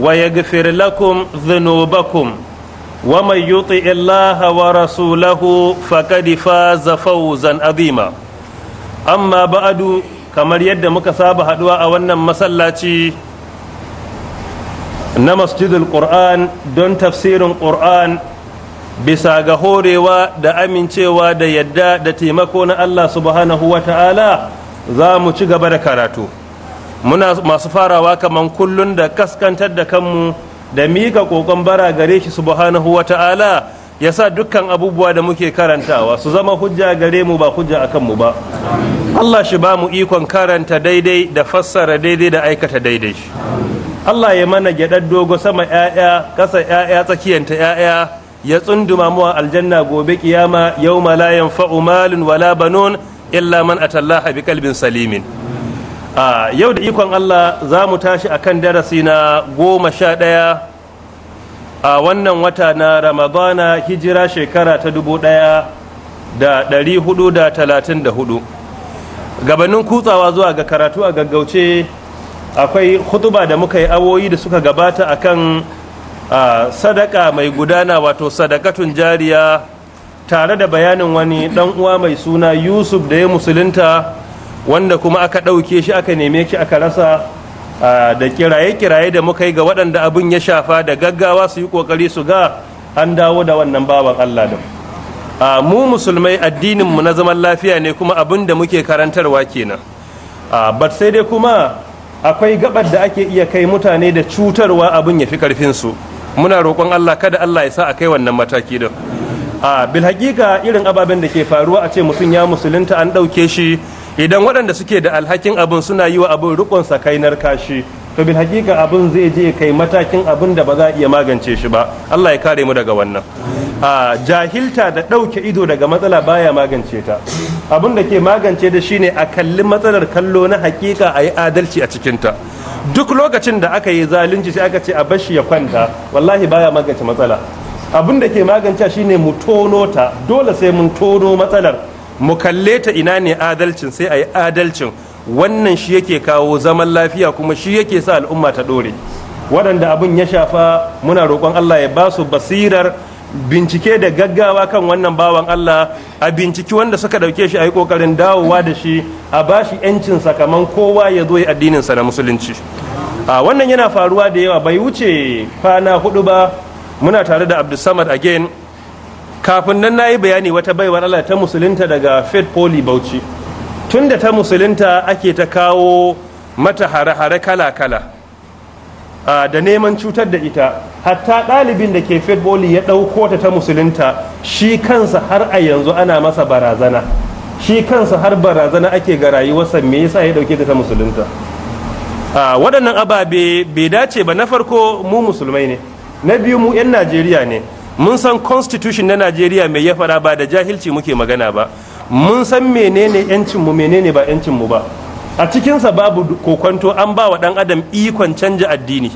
ويغفر لكم ذنوبكم ومن يطع الله ورسوله فقد فاز فوزا عظيما أما بعد kamar yadda muka saba haɗuwa a wannan masallaci na masjidul qur'an don tafsirin qur'an bisa ga horewa da amincewa da yadda da taimako na allah subhanahu wa ta'ala za mu ci gaba da karatu muna masu farawa kaman kullun da kaskantar da kanmu da mika kokon bara gare shi subhanahu ta'ala, ya sa dukkan abubuwa da muke karantawa su zama hujja gare mu ba hujja a kanmu ba Allah shi ba mu ikon karanta daidai da fassara daidai da aikata daidai Allah ya mana gyaɗar dogo sama ‘ya'ya kasa ‘ya'ya tsakiyanta ‘ya'ya ya tsunduma mu aljanna gobe kiyama yau malayan yanfa'u malin wala banun illa man atallaha bi salimin a yau da ikon Allah za mu tashi a kan darasi na goma sha ɗaya a wannan wata na ramadana hijira shekara ta dubu ɗaya da ɗari hudu da talatin da hudu gabanin kutsawa zuwa ga karatu a gaggauce akwai hutuba da muka yi awoyi da suka gabata akan sadaka mai gudana wato sadakatun jariya tare da bayanin wani uwa mai suna yusuf da ya musulunta wanda kuma aka ɗauke shi aka neme shi aka rasa da kiraye-kiraye da muka yi ga waɗanda abin ya shafa da gaggawa su yi ƙoƙari su ga an dawo da wannan bawan Allah da mu musulmai addininmu na zaman lafiya ne kuma abin da muke karantarwa kenan ba sai dai kuma akwai gabar da ake iya kai mutane da cutarwa abin ya fi ƙarfinsu muna roƙon Allah kada Allah ya sa a kai wannan mataki da a bil irin ababen da ke faruwa a ce mutum ya musulunta an ɗauke shi idan waɗanda suke da alhakin abin suna yi wa abin rikon kainar kashi to bil hakika abin zai je kai matakin abin da ba za a iya magance shi ba Allah ya kare mu daga wannan a jahilta da ɗauke ido daga matsala baya magance ta abin da ke magance da shine a kalli matsalar kallo na hakika a yi adalci a cikin ta. duk lokacin da aka yi zalunci sai aka ce a bashi ya kwanta wallahi baya magance matsala abin da ke magance shine mu tono ta dole sai mun tono matsalar mu kalle ta ina ne adalcin sai a yi adalcin wannan shi yake kawo zaman lafiya kuma shi yake sa al'umma ta ɗore waɗanda abin ya shafa muna roƙon allah ya basu basirar bincike da gaggawa kan wannan bawan allah a binciki wanda suka ɗauke shi a yi ƙoƙarin dawowa da shi a ba shi 'yancin sakaman kowa ya zo ya addininsa na musulunci a wannan yana faruwa da yawa bai wuce kwana hudu ba muna tare da abdul abdulsamad again kafin nan na yi bayani wata baiwar Allah ta musulunta daga Faith poli Bauchi tun da ta musulunta ake ta kawo mata hare-hare kala-kala da neman cutar da ita hatta ɗalibin da ke Faith poli ya ɗauko ta ta musulunta shi kansa har a yanzu ana masa barazana shi kansa har barazana ake ga rayuwarsa me yasa ya ɗauke ta ta musulunta waɗannan ababe bai dace ba na farko mu musulmai ne na biyu mu 'yan najeriya ne mun san constitution na najeriya mai ya fara ba da jahilci muke magana ba mun san menene mu menene ba mu ba a cikinsa babu kokwanto an ba wa dan adam ikon canja addini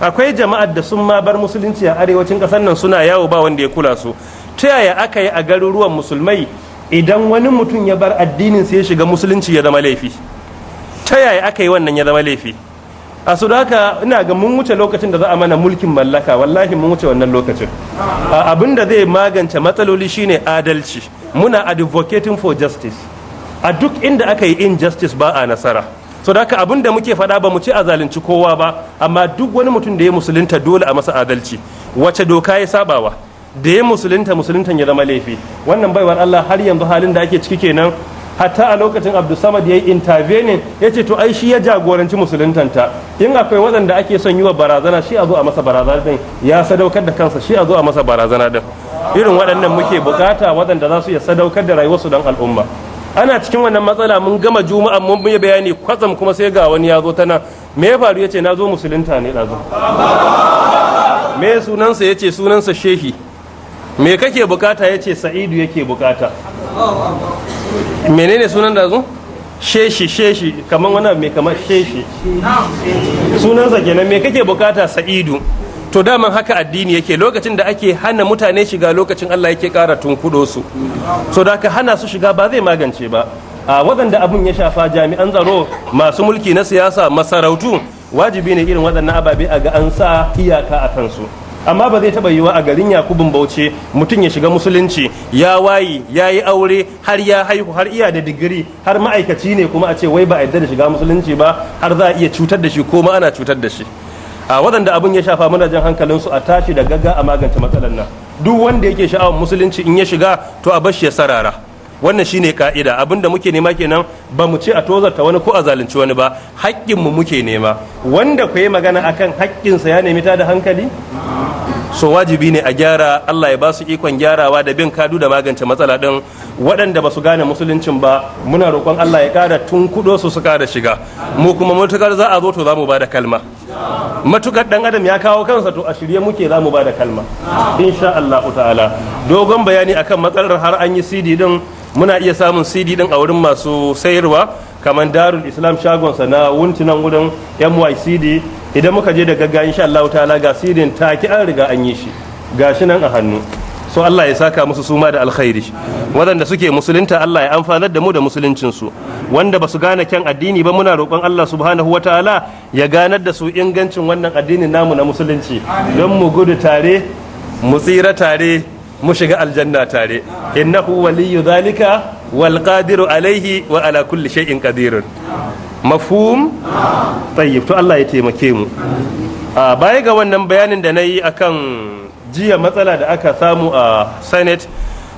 akwai jama'ar da sun ma bar musulunci a arewacin ƙasar nan suna yawo ba wanda ya kula su ta yaya aka yi a garuruwan musulmai idan wani mutum ya bar addinin sai ya shiga musulunci ya zama laifi ta yaya aka yi wannan ya zama laifi a su da haka ina ga mun wuce lokacin da za a mana mulkin mallaka wallahi mun wuce wannan lokacin abin da zai magance matsaloli shine adalci muna advocating for justice a duk inda aka yi injustice ba a nasara so da haka abin da muke faɗa ba mu ci a zalunci kowa ba amma duk wani mutum da ya musulunta dole a masa adalci wace doka ya sabawa da ya musulunta musuluntan ya zama laifi wannan baiwar Allah har yanzu halin da ake ciki kenan hatta a lokacin abdulsamad ya yi intervening ya ce to ai shi ya jagoranci musuluntanta in akwai waɗanda ake son yi wa barazana shi a zo a masa barazana din ya sadaukar da kansa shi a zo a masa barazana din irin waɗannan muke bukata waɗanda za su iya sadaukar da rayuwarsu don al'umma ana cikin wannan matsala mun gama juma'a mun yi bayani kwatsam kuma sai ga wani ya zo tana me ya faru ya ce na zo musulunta ne ɗazu me sunansa ya ce sunansa shehi me kake bukata ya ce sa'idu yake bukata menene sunan da zo sheshi sheshi kamar wani mai kamar sheshi sunansa kenan me kake bukata sa'idu to daman haka addini yake lokacin da ake hana mutane shiga lokacin Allah yake kara tunkudo su so da ka hana su shiga ba zai magance ba a waɗanda abin ya shafa jami'an tsaro masu mulki na siyasa masarautu wajibi ne irin waɗannan ababe a ga an sa iyaka a kansu amma ba zai taba yiwa a garin yakubun bauchi mutum ya shiga musulunci ya wayi ya yi aure har ya haihu har iya da digiri har ma'aikaci ne kuma a ce wai ba a yadda da shiga musulunci ba har za a iya cutar da shi ko ma ana cutar da shi a waɗanda abin ya shafa muna jan hankalinsu a tashi da gaga a magance matsalar nan duk wanda yake sha'awar musulunci in ya shiga to a bashi ya sarara wannan shine ka'ida da muke nema kenan ba mu ce a tozarta wani ko a zalunci wani ba haƙƙin mu muke nema wanda ku yi magana akan haƙƙinsa ya nemi ta da hankali so wajibi ne a gyara Allah ya ba su ikon gyarawa da bin kadu da magance matsala din waɗanda ba su gane musuluncin ba muna roƙon Allah ya ƙara tun kudo su su ƙara shiga mu kuma matukar za a zo to za mu ba kalma matukar ɗan adam ya kawo kansa to a shirye muke za mu ba da kalma insha Allah ta'ala dogon bayani akan matsalar har an yi CD din muna iya samun CD din a wurin masu sayarwa kamar Darul Islam shagonsa na wuntunan wurin MYCD idan muka je da gagga insha Allah ta'ala ga sirin take an riga an yi shi gashi nan a hannu so Allah ya saka musu suma da alkhairi waɗanda suke musulunta Allah ya amfanar da mu da musuluncin su wanda basu gane kyan addini ba muna roƙon Allah subhanahu taala ya ganar da su ingancin wannan addinin namu na musulunci don mu gudu tare mu tsira tare mu shiga aljanna tare innahu waliyyu zalika wal qadiru alaihi wa ala kulli shay'in qadirun mafum tayyib to Allah ya taimake mu a baya ga wannan bayanin da na yi akan jiya matsala da aka samu a senate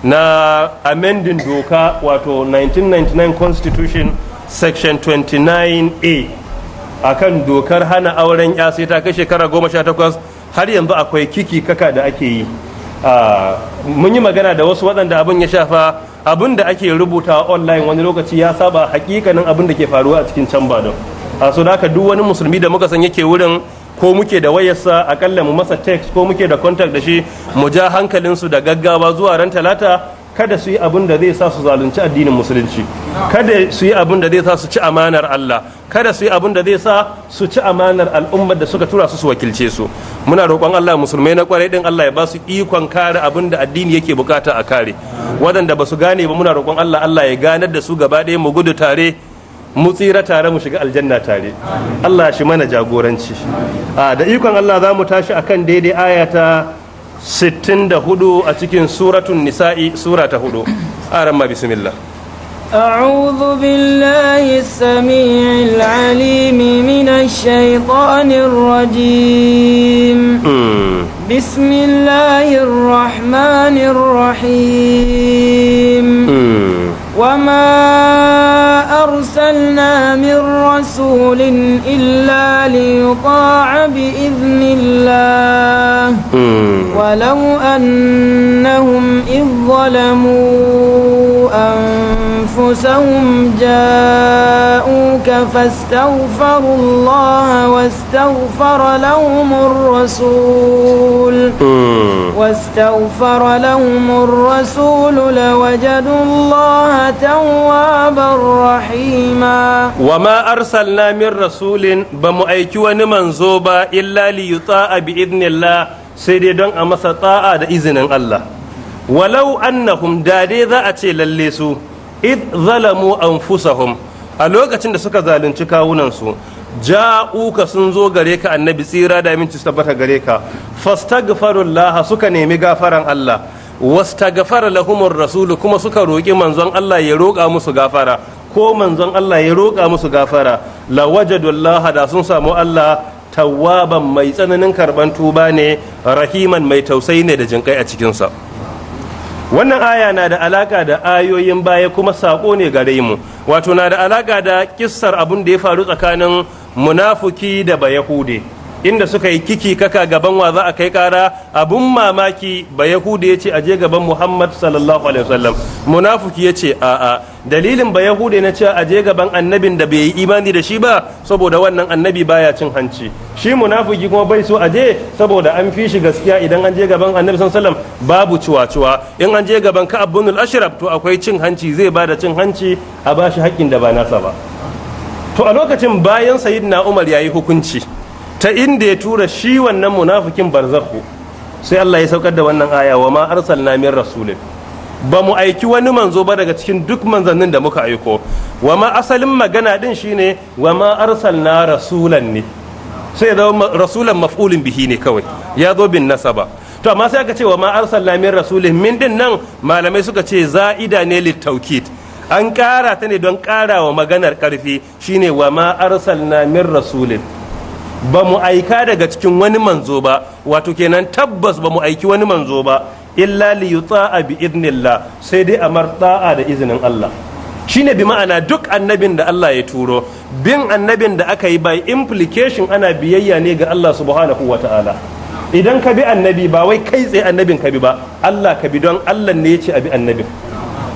na amending doka wato 1999 constitution section 29a akan dokar hana auren ya sai ta kai shekara goma sha takwas har yanzu akwai kiki kaka da ake yi mun yi magana da wasu waɗanda abin ya shafa abin da ake rubuta online wani lokaci ya saba hakikanin abin da ke faruwa a cikin can ba a so da duk wani musulmi da muka san yake wurin ko muke da wayarsa akalla mu masa text ko muke da contact da shi mu ja hankalinsu da gaggawa zuwa ran talata kada su yi abin da zai sa su zalunci addinin musulunci kada su yi abin da zai sa su ci amanar Allah kada su yi abin da zai sa su ci amanar al'ummar da suka tura su su wakilce su muna roƙon Allah musulmai na kwarai din Allah ya ba su ikon kare abin da addini yake bukata a kare waɗanda ba su gane ba muna roƙon Allah Allah ya ganar da su gaba ɗaya mu gudu tare mu tsira tare mu shiga aljanna tare Allah shi mana jagoranci a ah, da ikon Allah za mu tashi akan daidai ayata 64 a cikin suratun nisa'i sura ta hudu aramma bismillah أعوذ بالله السميع العليم من الشيطان الرجيم بسم الله الرحمن الرحيم وما أرسلنا من رسول إلا ليطاع بإذن الله ولو أنهم إذ ظلموا أنفسهم جاءوك فاستغفروا الله واستغفر لهم الرسول واستغفر لهم الرسول لوجدوا الله توابا رحيما وما أرسلنا من رسول بمؤيكي ونمنزوبا إلا ليطاع بإذن الله سيدنا sai dai إذن الله ولو أنهم da ذا أتي لليسو إذ ظلموا أنفسهم a lokacin da suka zalunci kawunansu ja'uka sun zo gareka annabi tsira da aminci su tabbata gare ka fastaghfirullah suka nemi gafaran Allah gafara lahumur rasulu kuma suka roki manzon Allah ya roƙa musu gafara ko manzon Allah ya roƙa musu gafara la wajadullah da sun samu Allah tawwaban mai tsananin karban tuba ne rahiman mai tausayi ne da jinkai a cikinsa wannan aya na da alaka da ayoyin baya kuma sako ne gare mu wato na da alaka da kissar abun da ya faru tsakanin munafuki da bayahude inda suka yi kiki kaka gaban wa za a kai kara abun mamaki ba yahudu ya ce aje gaban muhammad sallallahu alaihi wasallam munafiki ya ce a'a dalilin ba yahudu na cewa aje gaban annabin da bai yi imani da shi ba saboda wannan annabi baya cin hanci shi munafuki kuma bai so aje saboda an fi shi gaskiya idan an je gaban annabi sallallahu alaihi wasallam babu ciwa-ciwa in an je gaban ka abunul ashraf to akwai cin hanci zai bada cin hanci a bashi haƙƙin da ba nasa ba to a lokacin bayan sayyidina umar yayi hukunci ta inda ya tura shi wannan munafikin barzakhu sai Allah ya saukar da wannan aya wa ma arsalna min rasulin ba mu aiki wani manzo ba daga cikin duk manzannin da muka aiko wa ma asalin magana din shine wa ma arsalna rasulan ne sai da rasulan maf'ulin bihi ne kawai ya zo bin nasaba to amma sai aka ce wa ma arsalna min rasulin min din nan malamai suka ce za'ida ne littaukid an kara ta ne don kara wa maganar karfi shine wa ma arsalna min rasulin ba mu aika daga cikin wani manzo ba wato kenan tabbas ba mu aiki wani manzo ba illa li yuta'a bi idnillah sai dai amar ta'a da izinin Allah shine bi ma'ana duk annabin da Allah ya turo bin annabin da aka yi by implication ana biyayya ne ga Allah subhanahu wata'ala idan ka bi annabi ba wai kai tsaye annabin ka bi ba Allah ka bi don Allah ne ya ce a bi annabin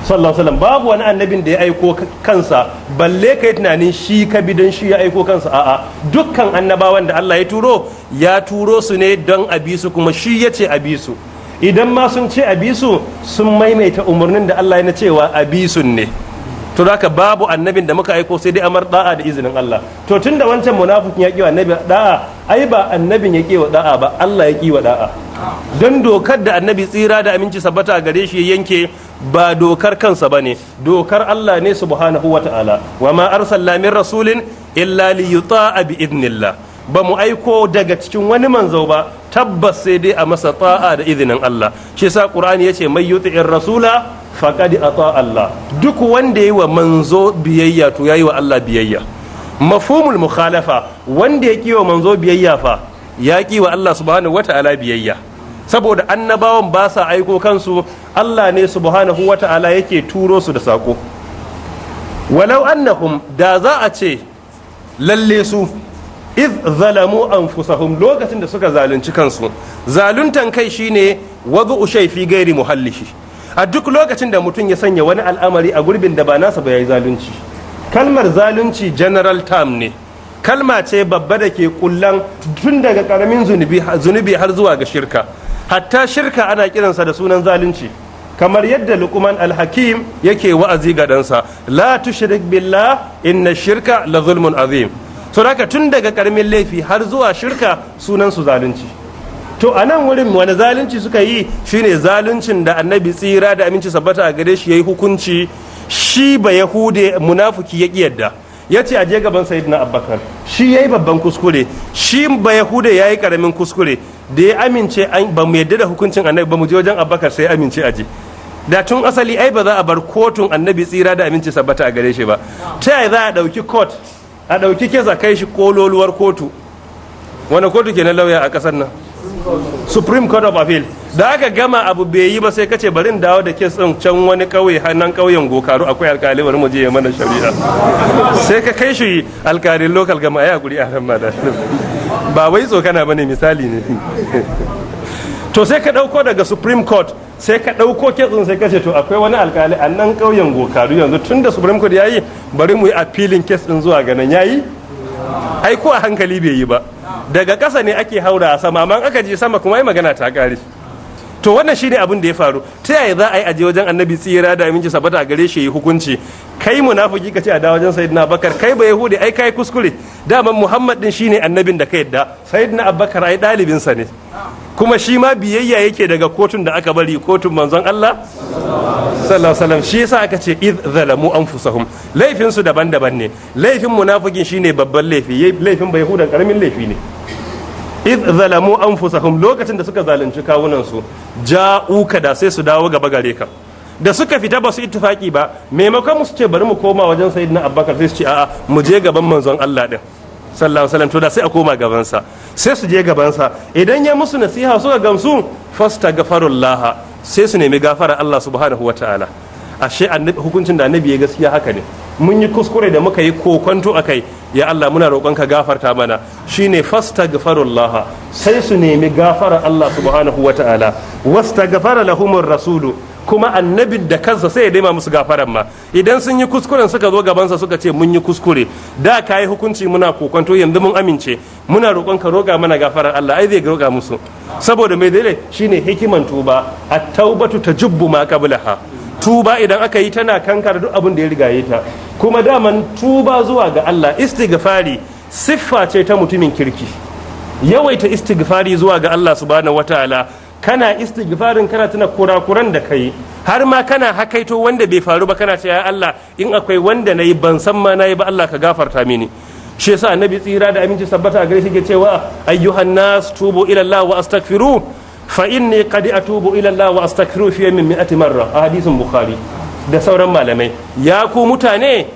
sallallahu alaihi babu wani annabin da ya aiko kansa balle ka yi tunanin shi ka bi don shi ya aiko kansa a'a dukkan annabawan da Allah ya turo ya turo su ne don abisu kuma shi ya ce a idan ma sun ce abisu sun maimaita umarnin da Allah ya na cewa abisun ne to haka babu annabin da muka aiko sai dai amar da'a da izinin Allah to da wancan munafikin ya kiwa annabi da'a ai ba annabin ya kiwa da'a ba Allah ya kiwa da'a don dokar da annabi tsira da aminci sabbata gare shi yanke ba dokar kansa ba ne dokar Allah ne subhanahu wata'ala wa ma arsalna min rasulin illa li yuta'a bi idnillah ba mu aiko daga cikin wani manzo ba tabbas sai dai a masa ta'a da izinin Allah shi sa qur'ani yace mai yuti'ir rasula Faƙadi a ata Allah duk wanda yi wa manzo biyayya to ya yi wa Allah biyayya mafumul mukhalafa wanda ya kiwa manzo biyayya fa ya kiwa Allah subhanahu wata'ala biyayya saboda annabawan ba sa aiko kansu Allah ne subhanahu wata'ala yake turo su da sako walau annahum da za a ce lalle su iz zalamu anfusahum lokacin da suka zalunci kansu zaluntan kai shine wazu shayfi gairi muhallishi a duk lokacin da mutum ya sanya wani al'amari a gurbin da ba nasa ba yayi zalunci kalmar zalunci general term ne kalma ce babba da ke kullan tun daga karamin zunubi har zuwa ga shirka hatta shirka ana kiransa da sunan zalunci kamar yadda luqman alhakim yake wa'azi ga ɗansa la tushrik billah inna shirka la zulmun azim to tun daga karamin laifi har zuwa shirka sunan su zalunci to a nan wurin wani zalunci suka yi shine zaluncin da annabi tsira da aminci sabbata a gare shi yi hukunci shi ba yahude munafuki ya yadda ya ce a je gaban na abakar shi ya yi babban kuskure shi ba yahude yi karamin kuskure da ya amince ba mu yadda da hukuncin annabi ba mu je wajen abakar sai amince a je da tun asali ai ba za a bar kotun annabi tsira da aminci sabbata a gare shi ba ta yaya za a dauki kot a ɗauki kesa a kai shi kololuwar kotu wani kotu ke na lauya a kasar nan supreme court of appeal da aka gama abu bai yi ba sai kace bari in dawo da kes din can wani kauye hannan kauyen gokaru akwai alkali bari mu je mana shari'a sai ka kai shi alkalin local gama ya guri a ran da ba wai tsokana bane misali ne to sai ka dauko daga supreme court sai ka ɗauko kitsin sai kace to akwai wani alkali a nan ƙauyen gokaru yanzu tun da supreme court ya yi bari mu yi appealing kes ɗin zuwa ganin ya yi ai ko hankali bai yi ba daga ƙasa ne ake haura a sama amma aka je sama kuma ai magana ta ƙare to wannan shine abin da ya faru ta yaya za a yi aje wajen annabi tsira da aminci sabata a gare shi yi hukunci kai munafiki ka ce a da wajen sayyidina abakar kai ba yahudi ai kai kuskure dama muhammad din shine annabin da ka yadda sayyidina abakar ai sa ne kuma shi ma biyayya yake daga kotun da aka bari kotun manzon Allah sallallahu alaihi shi yasa aka ce id zalamu anfusahum laifin su daban-daban ne laifin munafikin shine babban laifi laifin bai hudan karamin laifi ne id zalamu anfusahum lokacin da suka zalunci kawunan su ja'uka da sai su dawo gaba gare ka da suka fita ba su ittifaki ba maimakon su ce bari mu koma wajen sayyidina abubakar sai su ce a'a mu je gaban manzon Allah din sallallahu alaihi wasallam to da sai a koma gabansa sai su je gabansa idan ya musu nasiha suka gamsu fasta gafarullaha sai su nemi gafara Allah subhanahu wataala ashe hukuncin da annabi ya gaskiya haka ne mun yi kuskure da muka yi kokonto akai ya Allah muna roƙon ka gafarta mana shine fasta fastaghfirullah sai su nemi gafara Allah subhanahu wataala wastaghfara lahumur rasulu kuma annabin da kansa sai ya daima musu gafaran ma idan sun yi kuskuren suka zo gabansa suka ce mun yi kuskure da ka hukunci muna kokonto yanzu mun amince muna roƙon ka roƙa mana gafaran Allah ai zai roƙa musu saboda mai dai shine hikiman tuba at taubatu tajubbu ma qablaha tuba idan aka yi tana kankara duk abin da ya riga ta kuma daman tuba zuwa ga Allah istighfari siffa ce ta mutumin kirki yawaita istighfari zuwa ga Allah subhanahu wataala kana istighfarin kana tuna kurakuran da kai har ma kana hakaito wanda bai faru ba kana ce ya Allah in akwai wanda nayi ban san ma nayi ba Allah ka gafarta mini shi yasa annabi tsira da aminci sabbata a gare shi ke cewa ayyuhan nas tubu ila Allah wa astaghfiru fa inni qad atubu ila Allah wa astaghfiru fi min mi'ati marra a hadisin bukhari da sauran malamai ya ku mutane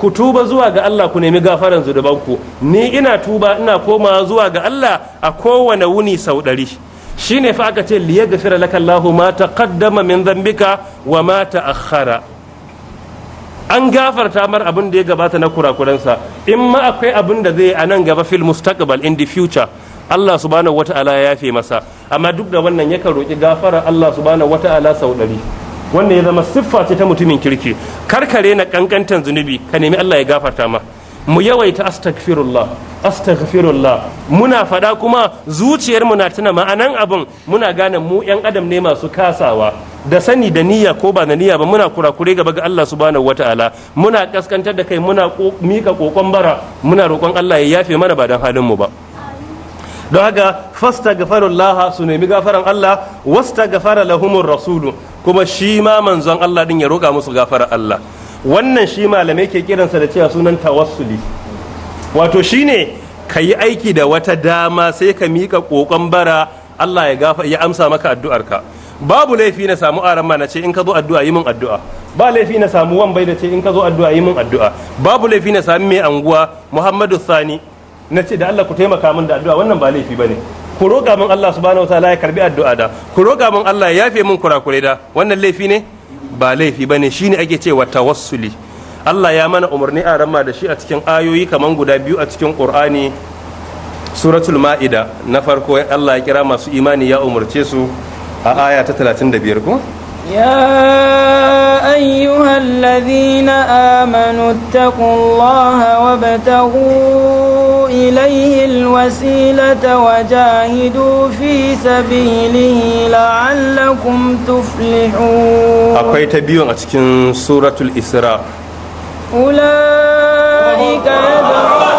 ku tuba zuwa ga Allah ku nemi gafaran zunubanku ni ina tuba ina koma zuwa ga Allah a kowane wuni sau ɗari shi ne fa aka ce fira laka Allahu ma ta kaddama min zambika wa ma ta akhara. an gafarta mar abin da ya gabata na kurakuransa in ma akwai abin da zai a nan gaba fil mustaqbal in the future Allah subhanahu wata'ala ya yafe masa amma duk da wannan ya yakan roki gafara Allah subhanahu wata'ala sau ɗari wannan ya zama siffa ce ta mutumin kirki karkare na kankantan zunubi ka nemi Allah ya gafarta ma mu yawaita astaghfirullah astaghfirullah muna faɗa kuma zuciyar mu na tuna ma'anan abin muna gane mu yan adam ne masu kasawa da sani da niyya ko ba da niyya ba muna kurakure gaba ga Allah subhanahu wataala muna kaskantar da kai muna mika kokon bara muna roƙon Allah ya yafe mana ba dan halin mu ba don haka fasta gafarullah su nemi gafaran Allah wasta gafara lahumur rasulu kuma shi ma manzon Allah din ya roƙa musu gafaran Allah wannan shi malamai ke kiransa da cewa sunan tawassuli wato shi ne ka yi aiki da wata dama sai ka miƙa ƙoƙon bara Allah ya gafa ya amsa maka addu'arka babu laifi na samu aran ma na ce in ka zo addu'a yi min addu'a ba laifi na samu wan bai da ce in ka zo addu'a yi min addu'a babu laifi na sami mai anguwa Muhammadu Sani na ce da Allah ku taimaka min da addu'a wannan ba laifi ba ne. ku roƙa min Allah subhanahu wataala ya karbi addu'a da ku roƙa min Allah ya yafe min kurakure da wannan laifi ne ba laifi ba ne bane shine ake cewa tawassuli Allah ya mana umarni a ramma da shi a cikin ayoyi kaman guda biyu a cikin Qur'ani suratul ma'ida na farko Allah ya kira masu imani ya umarce su a aya ta 35 ko يا أيها الذين آمنوا اتقوا الله وابتغوا إليه الوسيلة وجاهدوا في سبيله لعلكم تفلحون أقوي تبيون أتكين سورة الإسراء أولئك يدعون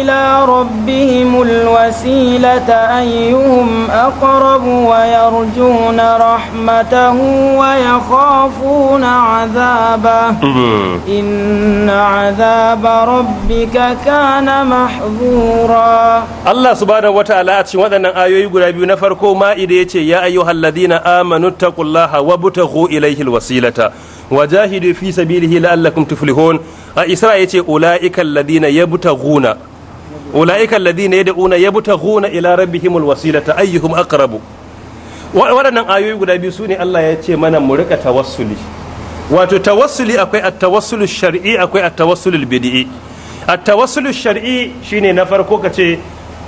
إلى ربهم الوسيلة أيهم أقرب ويرجون رحمته ويخافون عذابه إن عذاب ربك كان محظورا الله سبحانه وتعالى أتشي وذنا آيو يقول أبي نفركو ما إليتي يا أيها الذين آمنوا اتقوا الله وابتغوا إليه الوسيلة وجاهدوا في سبيله لعلكم تفلحون a isra ya ce ula'ika alladhina yad'una yabtaghuna ila rabbihimul wasilata ayyuhum aqrabu waɗannan ayoyi guda biyu sune Allah ya ce mana mu rika tawassuli wato tawassuli akwai at-tawassulu shar'i akwai at-tawassulu bid'i at-tawassulu shar'i shine na farko kace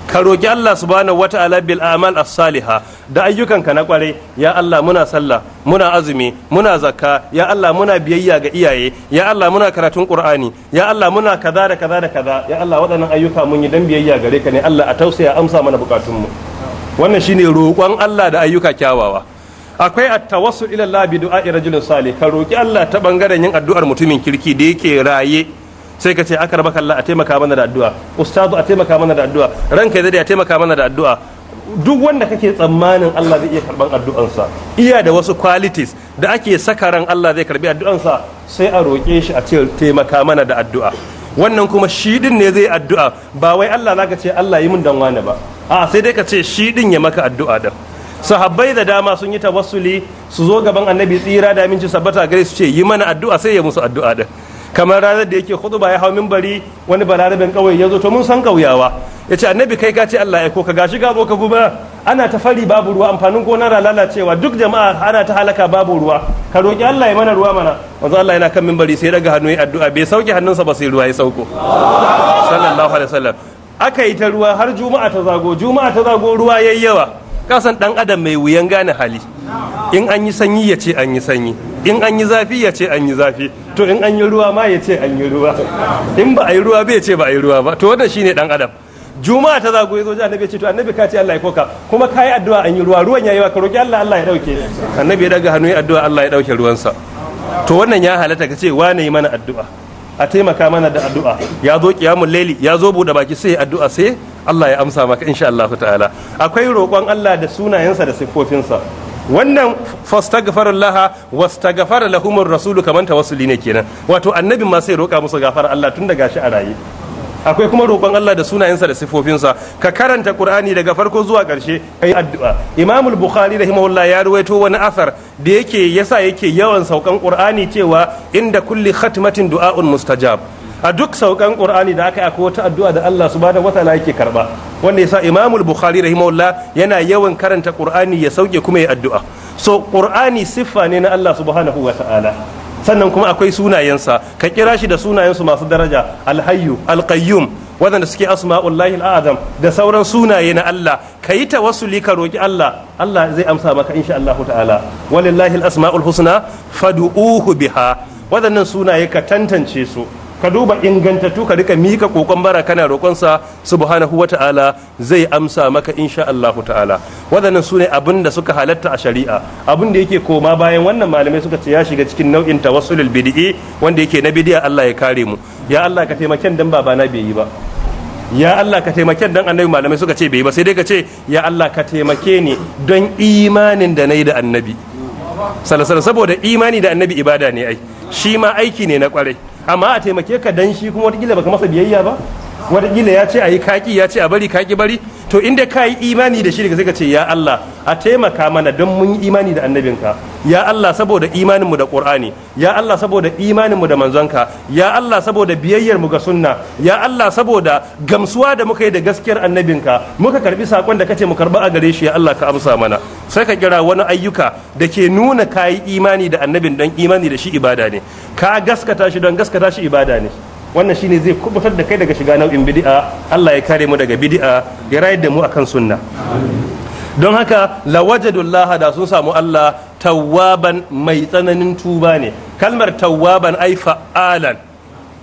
ka roki Allah subhanahu ta'ala bil amal as-saliha da ayyukanka na kware ya Allah muna sallah muna azumi muna zakka ya Allah muna biyayya ga iyaye ya Allah muna karatun Qur'ani ya Allah muna kaza da kaza da kaza ya Allah waɗannan ayyuka mun yi dan biyayya gare ka ne Allah a tausaya amsa mana bukatun mu wannan shine roƙon Allah da ayyuka kyawawa akwai at-tawassul ila Allah bi du'a rajulin salih ka roki Allah ta bangaren yin addu'ar mutumin kirki da yake raye sai ka ce a karba kalla a taimaka mana da addu'a ustazu a taimaka mana da addu'a ran ranka zai a taimaka mana da addu'a duk wanda kake tsammanin Allah zai iya karban addu'ansa iya da wasu qualities da ake saka ran Allah zai karbi addu'ansa sai a roƙe shi a ce taimaka mana da addu'a wannan kuma shiɗin ne zai addu'a ba wai Allah zaka ce Allah yi min dan wane ba a sai dai ka ce shi din ya maka addu'a da sahabbai da dama sun yi tawassuli su zo gaban annabi tsira da aminci sabbata gare su ce yi mana addu'a sai ya musu addu'a da kamar ranar da yake ba ya hau minbari wani balarabin kawai ya zo to mun san kauyawa ya ce annabi kai ka Allah ya ka gashi gabo ka guba ana ta fari babu ruwa amfanin gonar lalacewa duk jama'a ana ta halaka babu ruwa ka roki Allah ya mana ruwa mana wanzu Allah yana kan minbari sai daga hannu ya addu'a bai sauke hannunsa ba sai ruwa ya sauko sallallahu alaihi wasallam aka yi ta ruwa har juma'a ta zago juma'a ta zago ruwa yayyawa yawa kasan dan adam mai wuyan gane hali in an yi sanyi ya ce an yi sanyi in an yi zafi ya ce an yi zafi to in an yi ruwa ma ya ce an yi ruwa in ba a yi ruwa bai ce ba a yi ruwa ba to wannan shine dan adam juma'a ta zagoye zo annabi ya ce to annabi ka ce Allah ya koka kuma kai addu'a an yi ruwa ruwan yayi ka roki Allah Allah ya dauke annabi ya daga hannu ya addu'a Allah ya dauke ruwansa to wannan ya halatta ka ce wane yi mana addu'a a taimaka mana da addu'a ya zo kiyamul laili ya zo bude baki sai addu'a sai Allah ya amsa maka insha Allah ta'ala akwai roƙon Allah da sunayensa da siffofinsa wannan fastaghfar Allah gafara lahumur rasulu kaman tawassuli ne kenan wato annabi ma sai roƙa musu gafara Allah tun daga shi a raye akwai kuma roƙon Allah da sunayensa da sa ka karanta Qur'ani daga farko zuwa ƙarshe kai addu'a Imam al-Bukhari rahimahullah ya ruwaito wani asar da yake yasa yake yawan saukan Qur'ani cewa inda kulli khatmatin du'a'un mustajab a duk saukan qur'ani da aka yi akwai wata addu'a da Allah subhanahu wataala yake karba wanda yasa imamul bukhari rahimahullah yana yawan karanta qur'ani ya sauke kuma ya addu'a so qur'ani siffa ne na Allah subhanahu wataala sannan kuma akwai sunayensa ka kira shi da sunayensu masu daraja alhayyu alqayyum waɗanda suke asma'ullahi al'azam da sauran sunaye na Allah ka yi tawassuli ka roki Allah Allah zai amsa maka insha Allah ta'ala walillahi asma'ul husna fad'uhu biha waɗannan sunaye ka tantance su ka duba ingantattu ka rika mika kokon bara kana roƙonsa subhanahu wata'ala zai amsa maka insha Allahu ta'ala wadannan su ne abin da suka halatta a shari'a abin da yake koma bayan wannan malamai suka ce ya shiga cikin nau'in tawassulul bid'i wanda yake na bid'a Allah ya kare mu ya Allah ka taimaken dan babana bai yi ba ya Allah ka taimake dan annabi malamai suka ce bai yi ba sai dai ka ce ya Allah ka taimake ni don imanin da nayi da annabi sallallahu saboda imani da annabi ibada ne ai shi ma aiki ne na kwarai amma a taimake ka dan shi kuma wata baka masa biyayya ba wataƙila ya ce a yi kaki ya ce a bari kaki bari to inda ka yi imani da shi daga sai ka ce ya Allah a taimaka mana don mun yi imani da annabinka ya Allah saboda imaninmu da Qur'ani ya Allah saboda imaninmu da manzonka ya Allah saboda mu ga sunna ya Allah saboda gamsuwa da muka yi da gaskiyar annabinka muka karbi sakon da kace mu karba a gare shi ya Allah ka amsa mana sai ka kira wani ayyuka da ke nuna ka yi imani da annabin don imani da shi ibada ne ka gaskata shi don gaskata shi ibada ne wannan shine zai kubutar da kai daga shiga nau'in bid'a Allah ya kare mu daga bid'a ya rayar da mu akan sunna don haka lawajadullaha da sun samu Allah tawwaban mai tsananin tuba ne kalmar tawwaban ai fa'alan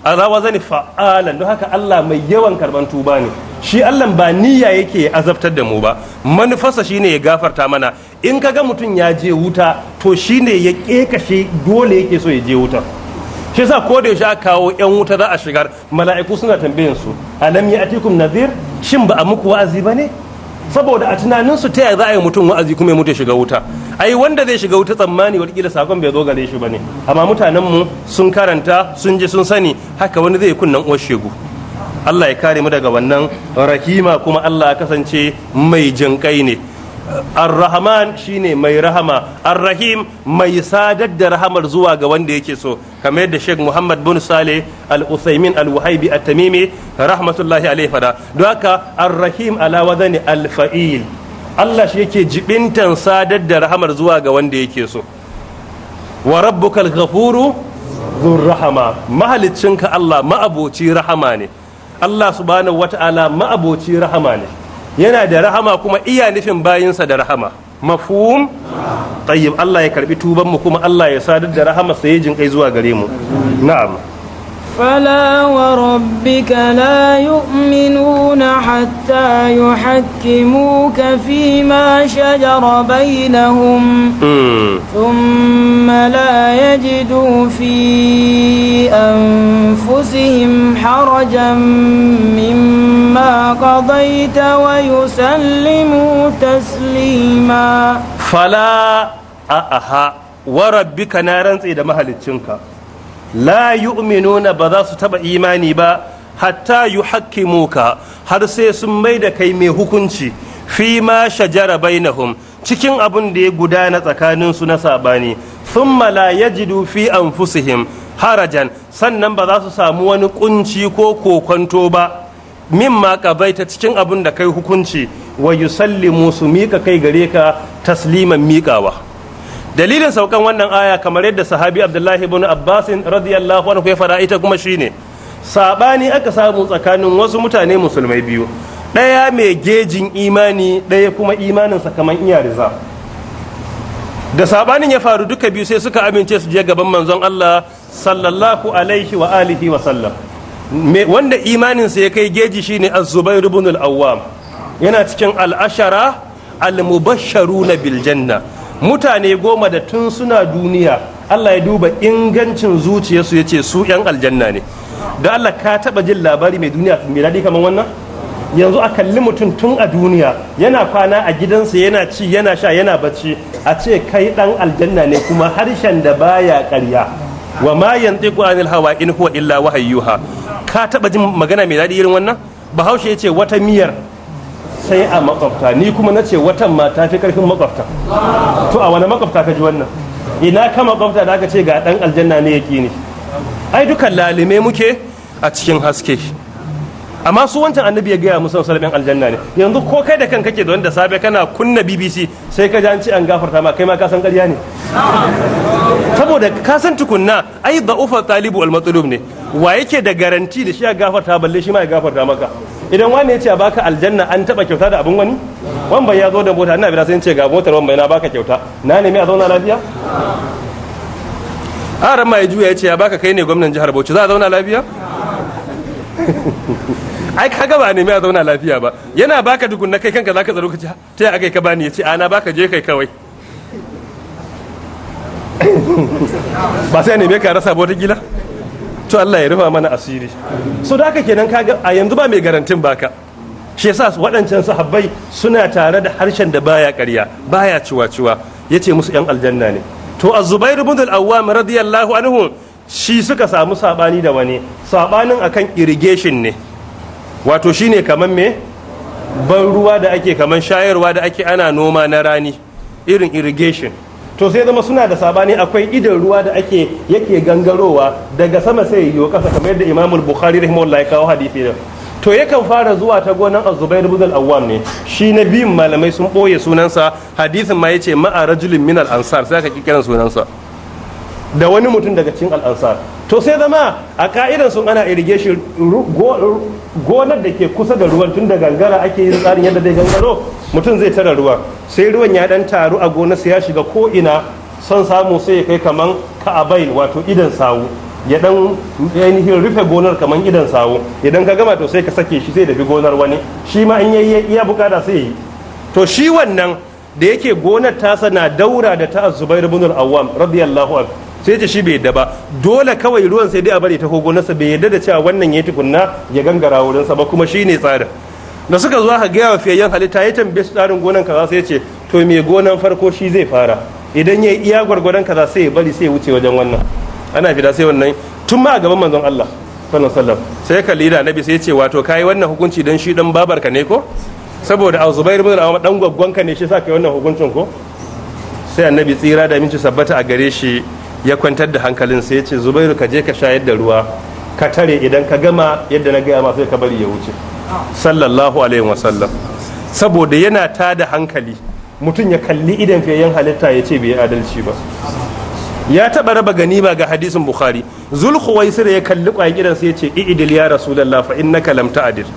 azawa zani fa'alan don haka Allah mai yawan karban tuba ne shi Allah ba niyya yake azabtar da mu ba manufarsa shine ya gafarta mana in kaga mutum ya je wuta to shine ya kekashe dole yake so ya je wuta shi sa ko da yaushe aka kawo yan wuta za a shigar mala'iku suna tambayin su alam ya atikum nadhir shin ba a muku wa'azi ba ne saboda a tunanin su ta za a yi mutum wa'azi kuma ya mutu shiga wuta ai wanda zai shiga wuta tsammani kila sakon bai zo gare shi ba ne amma mutanen mu sun karanta sun ji sun sani haka wani zai kunnan uwar shegu Allah ya kare mu daga wannan rahima kuma Allah ya kasance mai jinkai ne ar-rahman shine mai rahama ar-rahim mai sadar da rahamar zuwa ga wanda yake so kamar yadda Sheikh Muhammad bin Saleh al uthaymeen al-Wahibi at-Tamimi rahmatullahi alaihi fada don haka ar-rahim ala wadani al-fa'il Allah shi yake jibintan sadar da rahamar zuwa ga wanda yake so wa rabbukal ghafuru dhur rahama mahaliccinka Allah ma'aboci rahama ne Allah subhanahu wata'ala ma'aboci rahama ne yana da rahama kuma iya nufin bayinsa da rahama mafhum tayyib Allah ya karbi tuban mu kuma Allah ya sadar da rahama sa ya jin kai zuwa gare mu na'am فلا وربك لا يؤمنون حتى يحكموك فيما شجر بينهم ثم لا يجدوا في أنفسهم حرجا مما قضيت ويسلموا تسليما فلا أها وربك نارنس إذا مهلتشنك la yu'minuna ba za su taba imani ba hatta yuhaqqimuka har sai sun mai da kai mai hukunci fi ma shajara bainahum cikin abun da ya gudana tsakanin su na sabani thumma la yajidu fi anfusihim harajan sannan ba za su samu wani kunci ko kokonto ba min mimma ta cikin abun da kai hukunci wa yusallimu su mika kai gare ka tasliman miƙawa dalilin saukan wannan aya kamar yadda sahabi abdullahi ibn Abbas radiyallahu anhu ya fara ita kuma shine sabani aka samu tsakanin wasu mutane musulmai biyu ɗaya mai gejin imani ɗaya kuma imaninsa kamar iya riza da sabanin ya faru duka biyu sai suka amince su je gaban manzon Allah sallallahu alaihi wa alihi wa sallam wanda imaninsa ya kai geji shine az-zubair ibn al-awwam yana cikin al-ashara al-mubashsharuna bil janna mutane goma da tun suna duniya Allah ya duba ingancin zuciyarsu ya ce su 'yan aljanna ne da Allah ka taba jin labari mai duniya mai daɗi kamar wannan yanzu a kalli mutum tun a duniya yana kwana a gidansa yana ci yana sha yana bacci a ce kai ɗan aljanna ne kuma harshen da baya ƙarya. wa ma yantiqu anil hawa in huwa illa wahayyuha ka taba jin magana mai daɗi irin wannan bahaushe ya ce wata miyar sai a makwabta ni kuma na ce watan ma ta fi karfin makwabta to a wani makwabta ka ji wannan ina ka makwabta da aka ce ga dan aljanna ne yaki ne ai dukan lalime muke a cikin haske amma su wancan annabi ya gaya musu salmin aljanna ne yanzu ko kai da kan kake da wanda safe kana kunna bbc sai ka ji an gafarta ma kai ma ka san ƙarya ne saboda ka san tukunna ai da'ufa talibu al ne wa yake da garanti da shi ya gafarta balle shi ma ya gafarta maka idan wani ya ce a baka aljanna an taba kyauta da abin wani wani bai ya zo da mota ina bira sai ce ga motar wani bai na baka kyauta na nemi a zauna lafiya a ran ma ya juya ya ce ya baka kai ne gwamnan jihar Bauchi za a zauna lafiya ai kaga ba nemi a zauna lafiya ba yana baka dukun na kai kanka zaka tsaro ka ci ta akai ka bani ya ce ana baka je kai kawai ba sai neme ka rasa ba wata gila to Allah ya rufa mana asiri so da aka kenan kaga a yanzu ba mai garantin baka shi yasa waɗancan sahabbai suna tare da harshen da baya ƙarya baya ciwa-ciwa yace musu yan aljanna ne to a zubair ibn al-awwam radiyallahu anhu shi suka samu sabani da wani sabanin akan irrigation ne wato shine kaman me ban ruwa da ake kaman shayarwa da ake ana noma na rani irin irrigation to sai zama suna da sabani akwai idan ruwa da ake yake gangarowa daga sama sai yiwo kasa kamar yadda imamul bukhari rahimahullah ya kawo hadisi da to yakan fara zuwa ta gonan azubair bin al-awwam ne shi na biyun malamai sun boye sunansa hadisin ma yace ma'a rajulin min al-ansar sai aka kiran sunansa da wani mutum daga cikin al'ansa, to sai zama a ka'idan sun ana shi gonar da ke kusa da ruwan tun da gangara ake yi tsarin yadda zai gangaro mutum zai tara ruwa sai ruwan ya dan taru a gonar sai ya shiga ko ina son samu sai ya kai kaman ka'abain wato idan sawu ya dan ainihin rufe gonar kaman idan sawu idan ka gama to sai ka sake shi sai dafi gonar wani shi ma in yayi iya bukata sai yi to shi wannan da yake gonar tasa na daura da ta Zubair ibn al-Awwam radiyallahu anhu sai ce shi bai yadda ba dole kawai ruwan sai dai a bari ta nasa bai yadda da cewa wannan ya tukunna ya gangara sa ba kuma shi ne tsarin da suka zo ka gaya wa fiyayyen halitta ya tambaye su tsarin gonan kaza sai ce to me gonan farko shi zai fara idan ya yi iya gwargwadon kaza sai ya bari sai ya wuce wajen wannan ana fida sai wannan tun ma a gaban manzon Allah sallallahu alaihi wasallam sai kalli da nabi sai ya ce wato kai wannan hukunci dan shi dan ka ne ko saboda a zubair ibn awam dan gwaggwanka ne shi sa kai wannan hukuncin ko sai annabi tsira da minci sabbata a gare shi ya kwantar da hankalin sai ya ce zubairu ka je ka shayar da ruwa ka tare idan ka gama yadda na gaya masu ka bari ya wuce sallallahu alaihi wasallam saboda yana ta da hankali mutum ya kalli idan fiye halitta ya ce bai adalci ba ya taɓa raba gani ba ga hadisin bukhari zulhuwaisir ya kalli ƙwayin sai ya ce i'idil ya rasulullah fa innaka lam ta'dil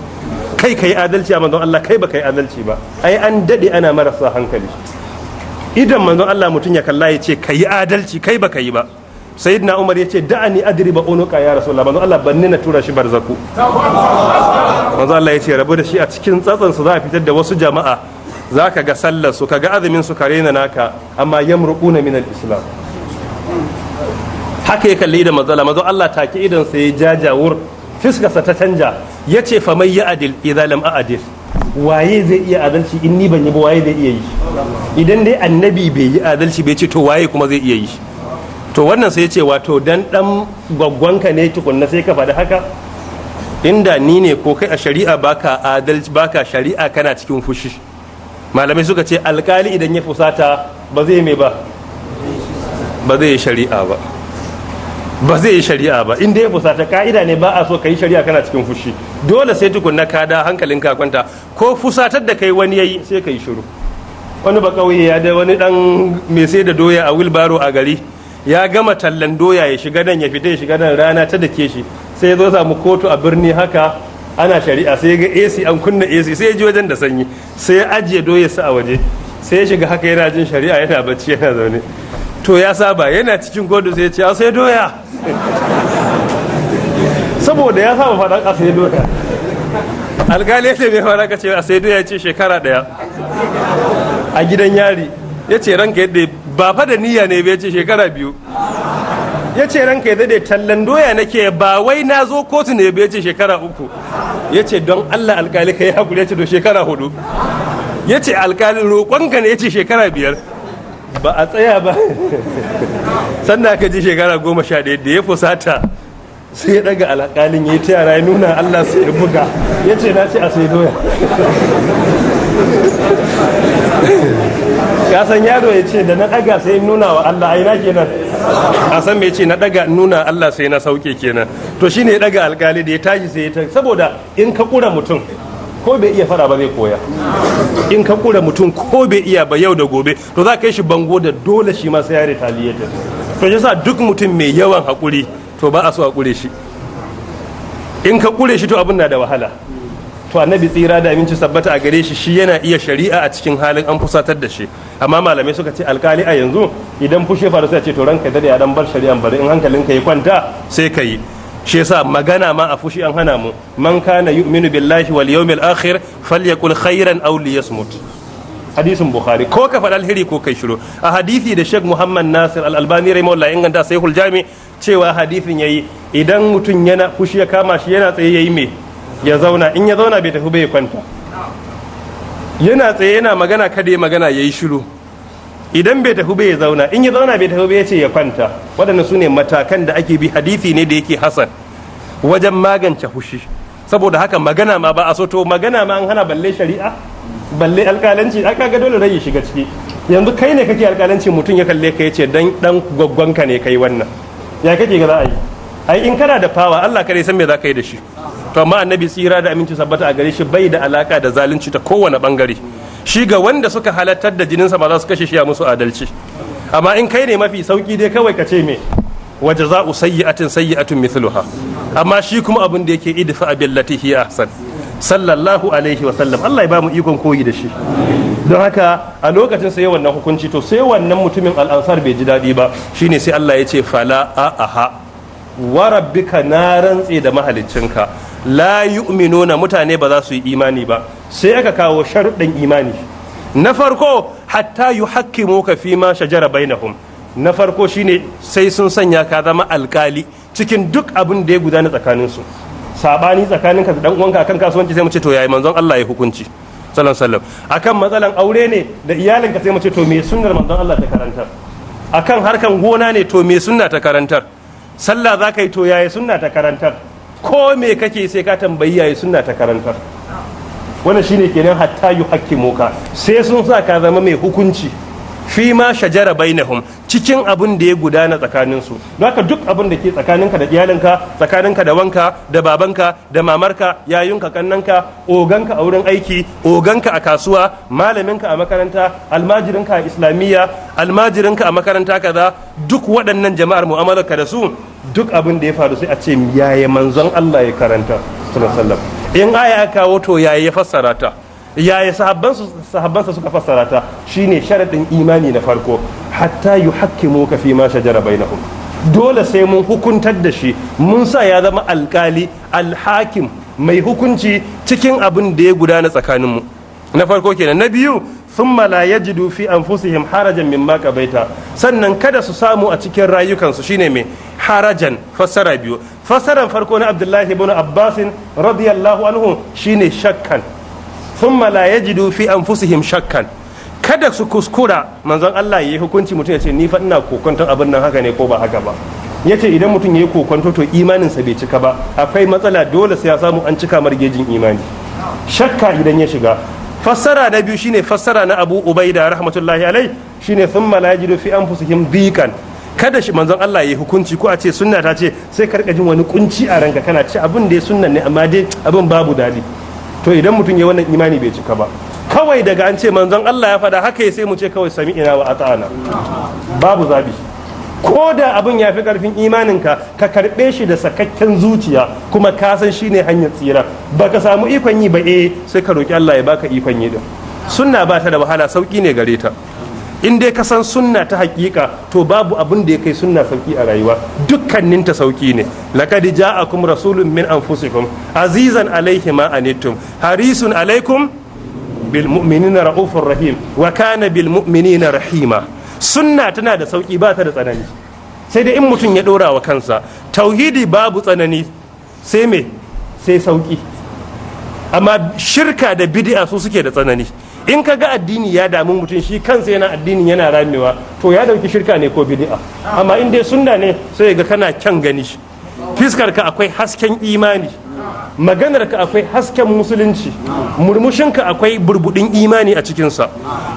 kai kai adalci a manzon Allah kai ba kai adalci ba ai an dade ana marasa hankali idan manzon Allah mutum ya kalla ya ce ka yi adalci kai ba ka yi ba sayyidina Umar ya ce da'ani adriba unuka ya rasulullah manzon Allah banne na tura shi zaku manzon Allah ya ce rabu da shi a cikin tsatsan su za a fitar da wasu jama'a za ka ga sallar su ka ga azumin su kare na naka amma yamruquna na minal islam haka ya kalli da manzon Allah manzon Allah take idan sai ya jajawur fiskarsa ta canja ya ce fa mai ya adil idza lam adil. waye zai iya adalci in ni ban yi ba waye zai iya yi idan dai annabi bai yi adalci bai ce to waye kuma zai iya yi to wannan sai ce wato dan dan gwaggwanka ne tukunna sai ka faɗi haka inda ni ne ko kai a shari'a baka adalci baka shari'a kana cikin fushi malamai suka ce alkali idan ya fusata ba zai mai ba ba zai yi shari'a ba ba zai yi shari'a ba inda ya fusata ka'ida ne ba a so ka yi shari'a kana cikin fushi dole sai tukunna ka da hankalin ka kwanta ko fusatar da kai wani yayi sai ka yi shiru wani ba kauye ya da wani dan mai sai da doya a wilbaro a gari ya gama tallan doya ya shiga nan ya fita ya shiga nan rana ta dake shi sai ya zo samu kotu a birni haka ana shari'a sai ga AC an kunna AC sai ya ji wajen da sanyi sai ya ajiye doya su a waje sai ya shiga haka yana jin shari'a yana bacci yana zaune to ya saba yana cikin godo sai ce a sai doya saboda ya saba faɗa a sai doya alƙali ya mai faɗa ka ce a sai doya ce shekara ɗaya a gidan yari ya ce ranka yadda ba fa da niyya ne bai ce shekara biyu ya ce ranka yadda da tallan doya nake ba wai na zo kotu ne bai ce shekara uku ya ce don allah alƙali ka yi hakuri ya ce do shekara hudu ya ce alkali roƙonka ne ya ce shekara biyar ba a tsaya ba sannan aka ji shekara goma sha daya da ya fusata sai ya daga alakalin ya yi ta yara ya nuna allah sai ya buga ya ce na ce a sai doya kasan yaro ya ce da na daga sai nuna wa allah aina kenan a san me ce na daga nuna allah sai na sauke kenan to shine ya daga alkali da ya tashi sai ya ta saboda in ka kura mutum ko bai iya fara ba zai koya in ka kura mutum ko bai iya ba yau da gobe to za ka yi shi bango da dole shi ma sai ya retaliated to yasa duk mutum mai yawan haƙuri to ba a so a kure shi in ka kure shi to abin na da wahala to annabi tsira da aminci sabbata a gare shi shi yana iya shari'a a cikin halin an fusatar da shi amma malamai suka ce alkali a yanzu idan fushe faru sai ce to ranka da ya dan bar shari'an bari in hankalinka ya kwanta sai ka yi shi yasa magana ma a fushi an hana mu man kana yu'minu billahi wal yawmil akhir falyakul khairan aw liyasmut hadisin bukhari ko ka faɗa alheri ko kai shiru a hadisi da sheikh muhammad nasir al-albani rahimahullah inganta sayhul jami cewa hadisin yayi idan mutun yana fushi ya kama shi yana tsaye yayi me ya zauna in ya zauna bai tafi bai kwanta yana tsaye yana magana kada ya magana yayi shiru idan bai tafi bai zauna in ya zauna bai tafi bai ce ya kwanta waɗanne su ne matakan da ake bi hadisi ne da yake hasan wajen magance fushi saboda haka magana ma ba a so to magana ma an hana balle shari'a balle alƙalanci aka ga dole rai shiga ciki yanzu kai ne kake alƙalanci mutum ya kalle ka yace dan dan ka ne kai wannan ya kake ga za a yi ai in kana da fawa Allah kare san me za ka yi da shi to amma annabi tsira da aminci sabbata a gare shi bai da alaka da zalunci ta kowane bangare shi ga wanda suka halattar da jininsa ba za su kashe shi a musu adalci amma in kai ne mafi sauki dai kawai ka ce me Waje wa jaza'u sayyi'atin sayyi'atun mithluha amma shi kuma abin da yake idfa billati hi ahsan sallallahu alaihi wa sallam Allah ya ba mu ikon koyi da shi don haka a lokacin sai wannan hukunci to sai wannan mutumin al'ansar bai ji daɗi ba shine sai Allah ya ce fala a aha wa rabbika na rantse da mahaliccinka la yu'minuna mutane ba za su yi imani ba sai aka kawo sharuɗin imani na farko hatta yi haƙƙi muka fi ma shajara bainahum na farko shine sai sun sanya ka zama alkali cikin duk abin da ya gudana tsakaninsu. saɓani sabani tsakanin ka da dan uwanka akan kasuwanci sai mu to yayi manzon Allah ya hukunci sallallahu akan matsalan aure ne da ka sai mu to me sunnar manzon Allah ta karantar akan harkan gona ne to me sunna ta karantar sallah zaka yi to yayi sunna ta karantar ko me kake sai ka tambayi yayi sunna ta karantar wannan shine kenan hatta hakimuka sai sun sa ka zama mai hukunci fi ma shajara bainahum cikin abun da ya gudana tsakanin su haka duk abun da ke tsakaninka da iyalinka ka da wanka da babanka da mamarka yayunka kannanka oganka a wurin aiki oganka a kasuwa malaminka a makaranta almajirinka a islamiyya almajirinka a makaranta kaza duk waɗannan jama'ar ka da su duk abun da ya faru sai a ce yaya manzon Allah ya karanta sallallahu alaihi wasallam in aya ya kawo to yaya ya fassara ta yaya sahabbansu sahabbansa suka fassara ta shine sharadin imani na farko hatta yuhakkimu ka fi ma shajara dole sai mun hukuntar da shi mun sa ya zama alkali alhakim mai hukunci cikin abin da ya gudana tsakaninmu na farko kenan na biyu sun la yajidu fi anfusihim harajan mimma baita sannan kada su samu a cikin rayukansu shine mai harajan fassara biyu fassaran farko na Abdullahi ibn Abbas radiyallahu anhu shine shakkan sun malaye jidu fi an anfusihim shakkan kada su kuskura manzon Allah ya yi hukunci mutum ya ce ni fa ina kokonton abin nan haka ne ko ba haka ba ya ce idan mutum ya yi kokonto to imaninsa bai cika ba akwai matsala dole sai ya samu an cika margejin imani shakka idan ya shiga fassara na biyu shine fassara na Abu Ubaida rahmatullahi alai shine sun malaye jidu fi an anfusihim dhiqan kada shi manzon Allah ya yi hukunci ko a ce sunna ta ce sai karka jin wani kunci a ranka kana ce abin da ya sunna ne amma dai abin babu dadi to idan mutum ya wannan imani bai cika ba kawai daga an ce manzon Allah ya fada haka ya sai mu ce kawai sami ina wa ata'ana babu zabi ko da abin ya fi karfin imaninka ka karɓe shi da sakakken zuciya kuma ka san shi ne hanyar tsira baka samu ikon yi ba eh sai ka roƙi Allah ya baka ikon yi din sunna ba ta da wahala sauƙi ne gare ta in dai ka san sunna ta hakika to babu abin da ya kai sunna sauki a rayuwa dukkanin ta sauki ne laqad ja'akum rasulun min anfusikum azizan alayhi ma anittum harisun alaikum bil mu'minina raufur rahim wa kana bil mu'minina rahima sunna tana da sauki ba ta da tsanani sai dai in mutum ya dora wa kansa tauhidi babu tsanani sai me sai sauki amma shirka da bid'a su suke da tsanani in ka ga addini ya damu mutum shi kansa yana addini yana ramewa to ya dauki shirka ne ko bid'a amma in dai sunna ne sai ga kana kyan gani shi fiskar ka akwai hasken imani maganar ka akwai hasken musulunci murmushin ka akwai burbudin imani a cikin sa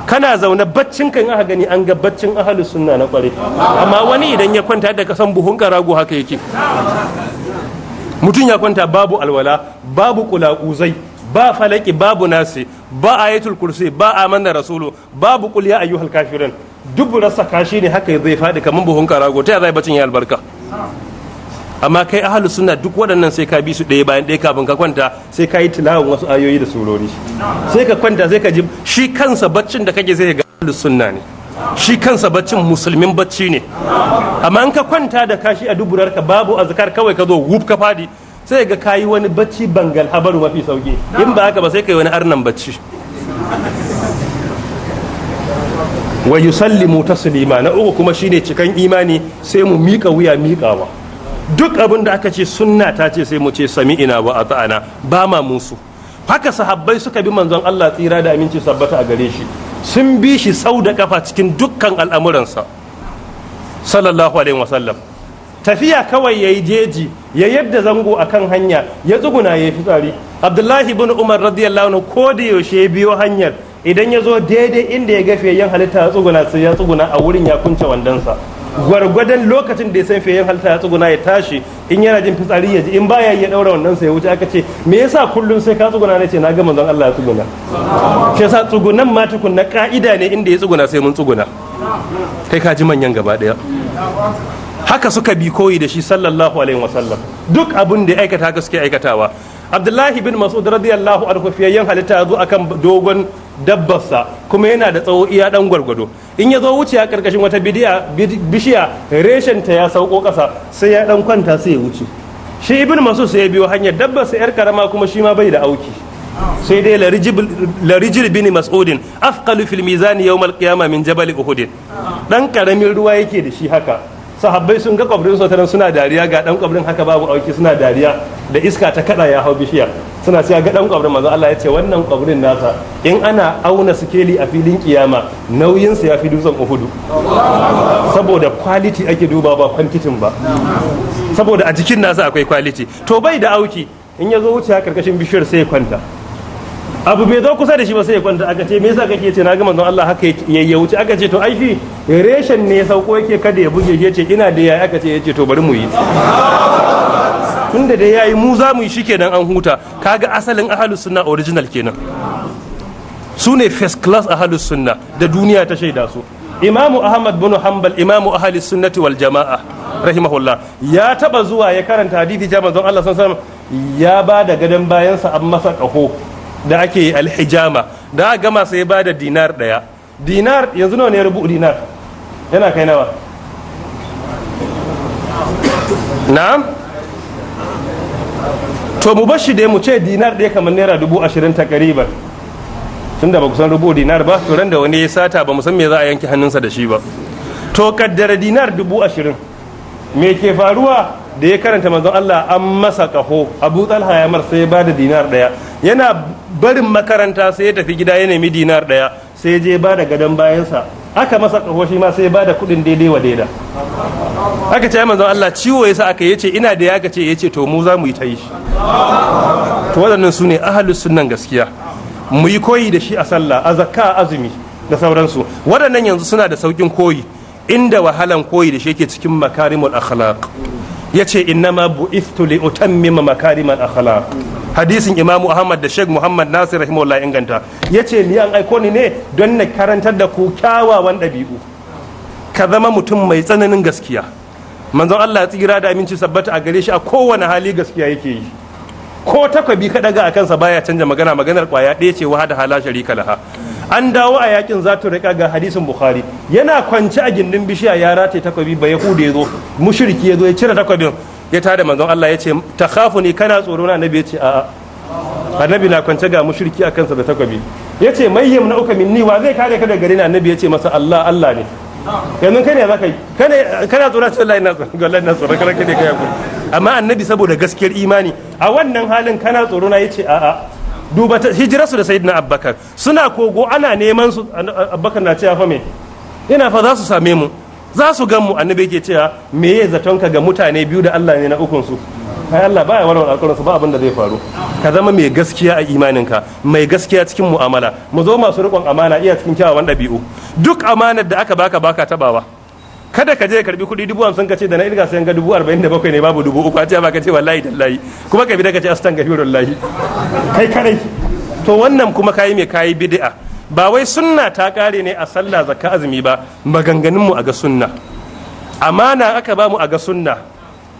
kana zaune baccin ka aka gani an ga baccin ahlus sunna na kware amma wani idan ya kwanta da kasan buhun karago haka yake mutum ya kwanta babu alwala babu kulakuzai ba falaki babu nasi ba ayatul kursi ba amanna rasulu babu qul ya ayyuhal kafirin dubura rasa kashi ne haka zai faɗi kamar buhun karago ta zai bacin ya albarka amma kai ahlus sunna duk waɗannan sai ka bi su ɗaya bayan ɗaya kafin ka kwanta sai ka yi tilawun wasu ayoyi da surori sai ka kwanta sai ka ji shi kansa baccin da kake sai ga ahlus sunna ne shi kansa baccin musulmin bacci ne amma in ka kwanta da kashi a duburarka babu azkar kawai ka zo wuf ka fadi sai ga kayi wani bacci bangal habaru mafi sauki in ba haka ba sai kai wani arnan bacci wa yusallimu taslima na uku kuma shine cikan imani sai mu mika wuya mikawa duk abin da aka ce sunna ta ce sai mu ce sami'ina wa ata'ana ba ma musu haka sahabbai suka bi manzon Allah tsira da aminci sabbata a gare shi sun bi shi sau da kafa cikin dukkan al'amuransa sallallahu alaihi wasallam tafiya kawai ya yi jeji ya yadda zango a kan hanya ya tsuguna ya fi tsari abdullahi bin umar radiyallahu anhu ko da yaushe ya biyo hanyar idan ya zo daidai inda ya ga yan halitta ya tsuguna sai ya tsuguna a wurin ya kunce wandansa gwargwadon lokacin da ya san fiyayyen halitta ya tsuguna ya tashi in yana jin fitsari ya ji in baya ya daura wannan sai ya wuce aka ce me yasa kullum sai ka tsuguna ne ce na ga manzon Allah ya tsuguna ke yasa tsugunan ma tukunna ka'ida ne inda ya tsuguna sai mun tsuguna kai ka ji manyan gaba daya haka suka bi koyi da shi sallallahu alaihi wasallam duk abin da aikata haka suke aikatawa abdullahi bin mas'ud radiyallahu anhu yan halitta zo akan dogon dabbarsa kuma yana da tsawo iya dan gwargwado in ya zo wuce a karkashin wata bidiya bishiya reshen ta ya sauko kasa sai ya dan kwanta sai ya wuce shi ibn mas'ud sai ya biyo hanyar dabbarsa yar karama kuma shi ma bai da auki sai dai larijil bin mas'udin afqalu fil mizani yawm al min jabal uhud dan karamin ruwa yake da shi haka sahabbai sun ga kwabrin sotaran suna dariya ga dan kwabrin haka babu auki suna dariya da iska ta kada ya hau bishiya suna cewa ga dan kwabrin manzo Allah ya ce wannan kwabrin nasa in ana auna sikeli a filin kiyama nauyinsa ya fi dutsen uhudu saboda quality ake duba ba kwantitin ba saboda a jikin nasa akwai quality to bai da auki in ya zo wuce karkashin bishiyar sai kwanta abu bai zo kusa da shi ba sai ya kwanta aka ce me yasa kake ce na ga manzon Allah haka ya ya wuce aka ce to ai reshen ne ya sauko yake kada ya buge yace ina da yayi aka ce yace to bari mu yi tunda da yayi mu za mu yi shi kenan an huta kaga asalin ahlus sunna original kenan su ne first class ahlus sunna da duniya ta shaida su imamu ahmad bin hanbal imamu ahlus sunnati wal jama'a rahimahullah ya taba zuwa ya karanta hadisi jama'a don Allah sallallahu alaihi wasallam ya ba da gadon bayansa an masa kaho da ake yi alhijama da aka gama sai ba da dinar daya dinar yanzu nawa ne rubu dinar yana kai nawa na'am to mu bashi da mu ce dinar ɗaya kamar naira dubu ashirin ta karibar tun da ba kusan rubu dinar ba to ran da wani ya sata ba san me za a yanke hannunsa da shi ba to kaddara dinar dubu ashirin me ke faruwa da ya karanta manzon Allah an masa kaho Abu Talha ya mar sai bada dinar daya yana barin makaranta sai ya tafi gida ya nemi dinar daya sai je bada gadon bayansa aka masa kaho shi ma sai ya bada kuɗin daidai wa daida aka ce manzon Allah ciwo yasa aka yace ina da ya ce yace to mu za mu yi ta yi to waɗannan su ne ahalus sunnan gaskiya mu yi koyi da shi a sallah a zakka azumi da sauransu waɗannan yanzu suna da saukin koyi inda wahalan koyi da shi yake cikin makarimul akhlaq ya ce innama bu'ithtu li utammima makarimal akhlaq hadisin imamu ahmad da sheikh muhammad nasir rahimahullah inganta ya ce ni an aiko ni ne don na karantar da ku kyawawan ɗabi'u ka zama mutum mai tsananin gaskiya manzon allah tsira da aminci sabbata a gare shi a kowane hali gaskiya yake yi ko takwabi ka daga a kansa baya canja magana maganar kwaya ɗaya ce wahada hala sharika laha an dawo a yakin zatu rika ga hadisin bukhari yana kwance a gindin bishiya ya rataye takobi ba hude ya zo mushriki ya zo ya cire takobin ya tare manzon Allah ya ce ta takhafu ni kana tsoro na annabi ya ce a'a annabi na kwance ga mushriki a kansa da takobi ya ce mayyam na uka minni wa zai kare ka daga gare ni annabi ya ce masa Allah Allah ne yanzu kai ne za ka yi kana tsoro ce Allah ina tsoron Allah ina tsoron kana kai ne kai amma annabi saboda gaskiyar imani a wannan halin kana tsoro na ya ce a'a duba hijirarsu da sayyidina abubakar suna kogo ana neman su abubakar na cewa fa ina fa za su same mu za su gan mu annabi ke cewa me ya zaton ka ga mutane biyu da Allah ne na ukun su ai Allah baya wani alƙawarin su ba abin zai faru ka zama mai gaskiya a imaninka mai gaskiya cikin mu'amala mu zo masu riƙon amana iya cikin kyawawan ɗabi'u duk amanar da aka baka baka tabawa kada ka je ka karbi kuɗi dubu hamsin ka ce da na ilga sayan ga dubu arba'in da bakwai ne babu dubu uku a ce ba ka ce wallahi da layi kuma ka bi da ka ce astan gafi wallahi kai kare to wannan kuma kayi mai kayi bid'a ba wai sunna ta kare ne a sallah zakka azumi ba maganganun mu a ga sunna amana aka ba mu a ga sunna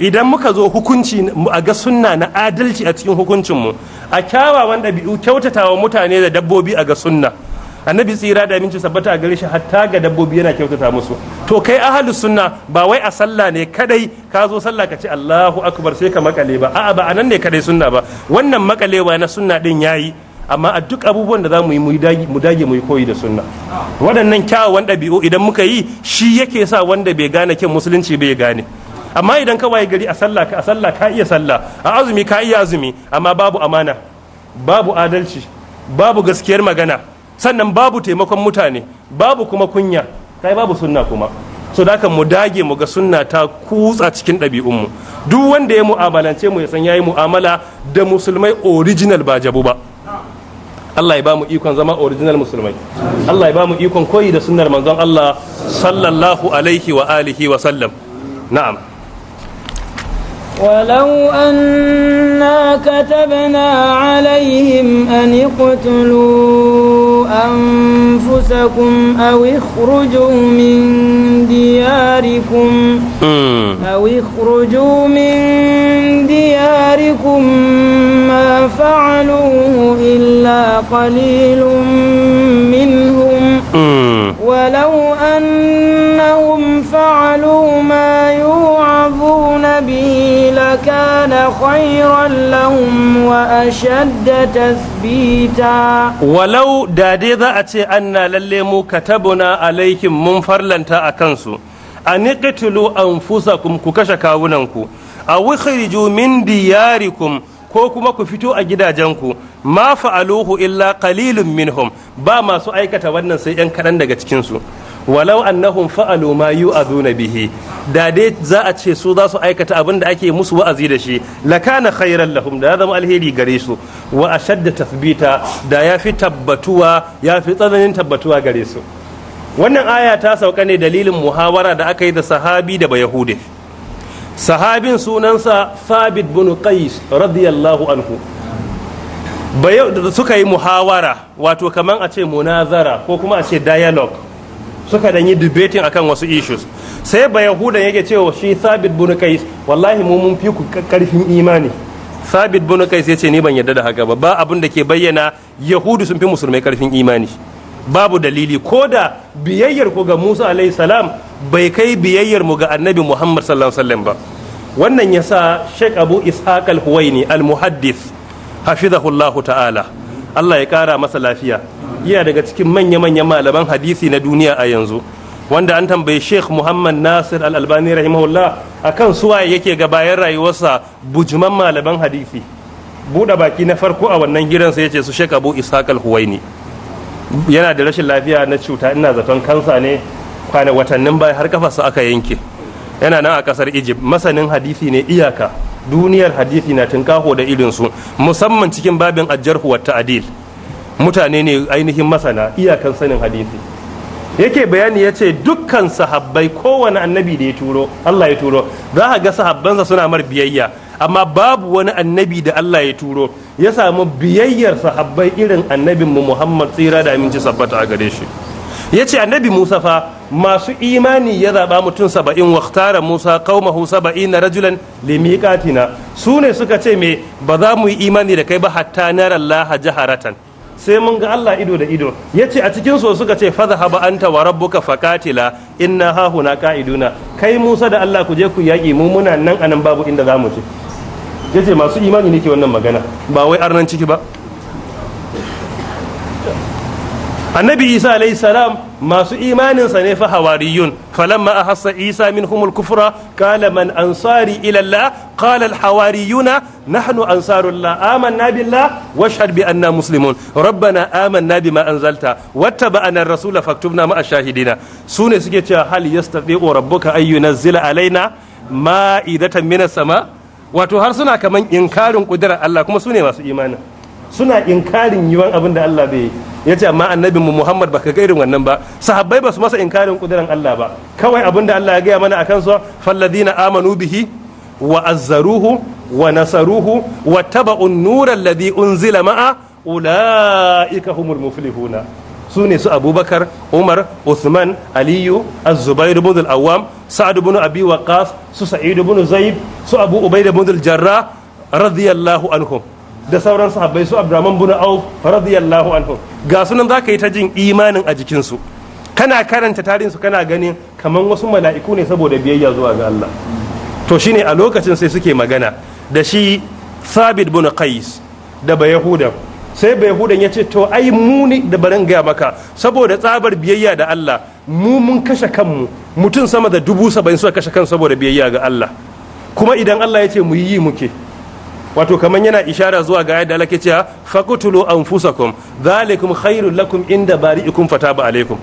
idan muka zo hukunci a ga sunna na adalci a cikin hukuncinmu a kyawawan ɗabi'u kyautatawa mutane da dabbobi a ga sunna annabi tsira da aminci sabbata a gare shi hatta ga dabbobi yana kyautata musu to kai ahalus sunna ba wai a sallah ne kadai ka zo sallah ka ce Allahu akbar sai ka makale ba a'a ba anan ne kadai sunna ba wannan makalewa na sunna din yayi amma a duk abubuwan da za mu yi mu dage mu yi koyi da sunna waɗannan kyawawan ɗabi'u idan muka yi shi yake sa wanda bai gane kin musulunci bai gane amma idan ka waye gari a sallah ka a sallah ka iya sallah a azumi ka iya azumi amma babu amana babu adalci babu gaskiyar magana sannan babu taimakon mutane babu kuma kunya kai babu sunna kuma so da mu dage mu ga sunna ta kutsa cikin ɗabi'unmu duk wanda ya mu'amalance mu ya san ya yi mu'amala da musulmai original ba jabu ba Allah ya ba mu ikon zama original musulmai Allah ya ba mu ikon koyi da sunnar manzon Allah sallallahu alaihi wa alihi wa sallam na'am ولو أنا كتبنا عليهم أن اقتلوا أنفسكم أو اخرجوا من دياركم أو اخرجوا من دياركم ما فعلوه إلا قليل منهم ولو أنهم فعلوا ما يوعظون به لكان خيرا لهم وأشد تثبيتا ولو دادي ذاتي أن للمو كتبنا عليكم منفر لن تأكنسوا أن اقتلوا أنفسكم ككشكاوننكو أو اخرجوا من دياركم ko kuma ku fito a gidajenku ma fa'aluhu illa qalilun minhum ba masu aikata wannan sai ‘yan kadan daga cikin su walau annahum fa'alu ma yu'aduna bihi da dai za a ce su za su aikata abin da ake musu wa'azi da shi lakana khairan lahum da zama alheri gare su wa ashadda tathbita da yafi tabbatuwa yafi tsananin tabbatuwa gare su wannan aya ta sauka ne dalilin muhawara da aka yi da sahabi da bayahude sahabin sunansa Thabit bin Qais radiyallahu anhu suka yi muhawara wato kaman a ce munazara ko kuma a ce dialogue suka dan yi debating akan wasu issues sai ba yahudan yake cewa shi sabit bin kais wallahi mu mun fi ku karfin imani sabit bin kais yace ni ban yadda da haka ba ba abin da ke bayyana yahudu sun fi musulmai karfin imani babu dalili ko da biyayyar ku ga Musa alayhi salam bai kai biyayyar mu ga Annabi Muhammad sallallahu alaihi wasallam ba wannan yasa Sheikh Abu Ishaq al-Huwaini al-Muhaddith hafizahullahu ta'ala Allah ya kara masa lafiya yana daga cikin manya-manyan malaman hadisi na duniya a yanzu wanda an tambayi sheikh muhammad nasir al-albani rahimahullah akan suwaye yake ga bayan rayuwarsa bujuman malaman hadisi buɗe baki na farko a wannan gidansa ya ce su sheikh abu ishaq al-huwaini yana da rashin lafiya na cuta ina zaton kansa ne kwana watannin baya har kafarsa aka yanke yana nan a kasar egypt masanin hadisi ne iyaka duniyar hadisi na tunkaho da irinsu musamman cikin babin ajjarhu wa ta'dil mutane ne ainihin masana iyakan sanin hadisi yake bayani ya ce dukkan sahabbai kowane annabi da ya turo Allah ya turo za a ga sahabbansa suna mar biyayya amma babu wani annabi da Allah ya turo ya samu biyayyar sahabbai irin annabin mu Muhammad tsira da aminci sabbata a gare shi ya ce annabi Musa fa masu imani ya zaɓa mutum saba'in waktara Musa kaumahu saba'in na rajulan limiƙatina su ne suka ce me ba za mu yi imani da kai ba hatta na laha jaharatan sai mun ga Allah ido da ido ya ce a cikin so suka ce an anta wa rabbuka faqatila inna hahuna na kai Musa da Allah ku je ku yaƙi mu muna nan anan babu inda za mu zamu ya ce masu imani nake wannan magana ba wai arnan ciki ba annabi Isa alayhi salam masu imaninsa ne fa hawariyun falamma ahassa isa humul kufra qala man ansari ila allah qala al hawariyuna nahnu ansarullah amanna billah washhad bi anna muslimun rabbana amanna bima anzalta wattaba'na ar-rasul faktubna ma a shahidina sune suke cewa hal yastati'u rabbuka ay zila alaina ma'idatan minas sama wato har suna kaman inkarin kudrar Allah kuma sune masu imanin suna inkarin yiwan abin da Allah bai yi ce amma annabin mu Muhammad baka ga irin wannan ba sahabbai ba su masa inkarin kudiran Allah ba kawai da Allah ya gaya mana kan sa falladina amanu bihi wa azzaruhu wa nasaruhu wa taba'un nura alladhi unzila ma'a ulaika humul muflihuna su ne su abubakar umar uthman aliyu az-zubair ibn al-awwam sa'ad ibn abi waqas su sa'id ibn zaid su abu ubai ibn al-jarrah radiyallahu anhum da sauran sahabbai su abdurrahman bin auf radiyallahu anhu ga sunan za yi ta jin imanin a jikin su kana karanta tarihin su kana ganin kamar wasu mala'iku ne saboda biyayya zuwa ga Allah to shine a lokacin sai suke magana da shi sabit bin qais da bayahudan sai bayahudan ya ce to ai mu da barin gaya maka saboda tsabar biyayya da Allah mu mun kashe kanmu mutum sama da dubu saba'in suka kashe kan saboda biyayya ga Allah kuma idan Allah ya ce mu yi muke wato kaman yana ishara zuwa ga yadda lake cewa fakutulu anfusakum zalikum khairul lakum inda bari'ikum fataba alaikum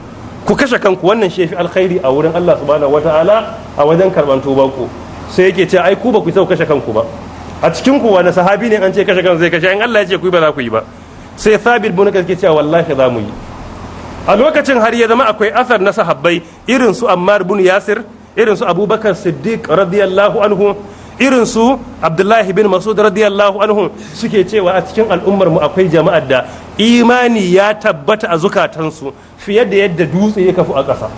ku kashe kanku wannan shefi alkhairi a wurin Allah subhanahu wataala a wajen karban tubanku sai yake cewa ai ku ba ku sau kashe kanku ba a cikin ku wani sahabi ne an ce kashe kanku zai kashe in Allah ya ce ku ba za ku yi ba sai thabit bin kaske cewa wallahi za mu yi a lokacin har ya zama akwai asar na sahabbai irin su ammar bin yasir irin su abubakar siddiq radiyallahu anhu irin su abdullahi bin masud radiyallahu anhu suke cewa a cikin al'ummar mu akwai jama'ar da imani ya tabbata a zukatansu fiye da yadda dutse ya kafu a ƙasa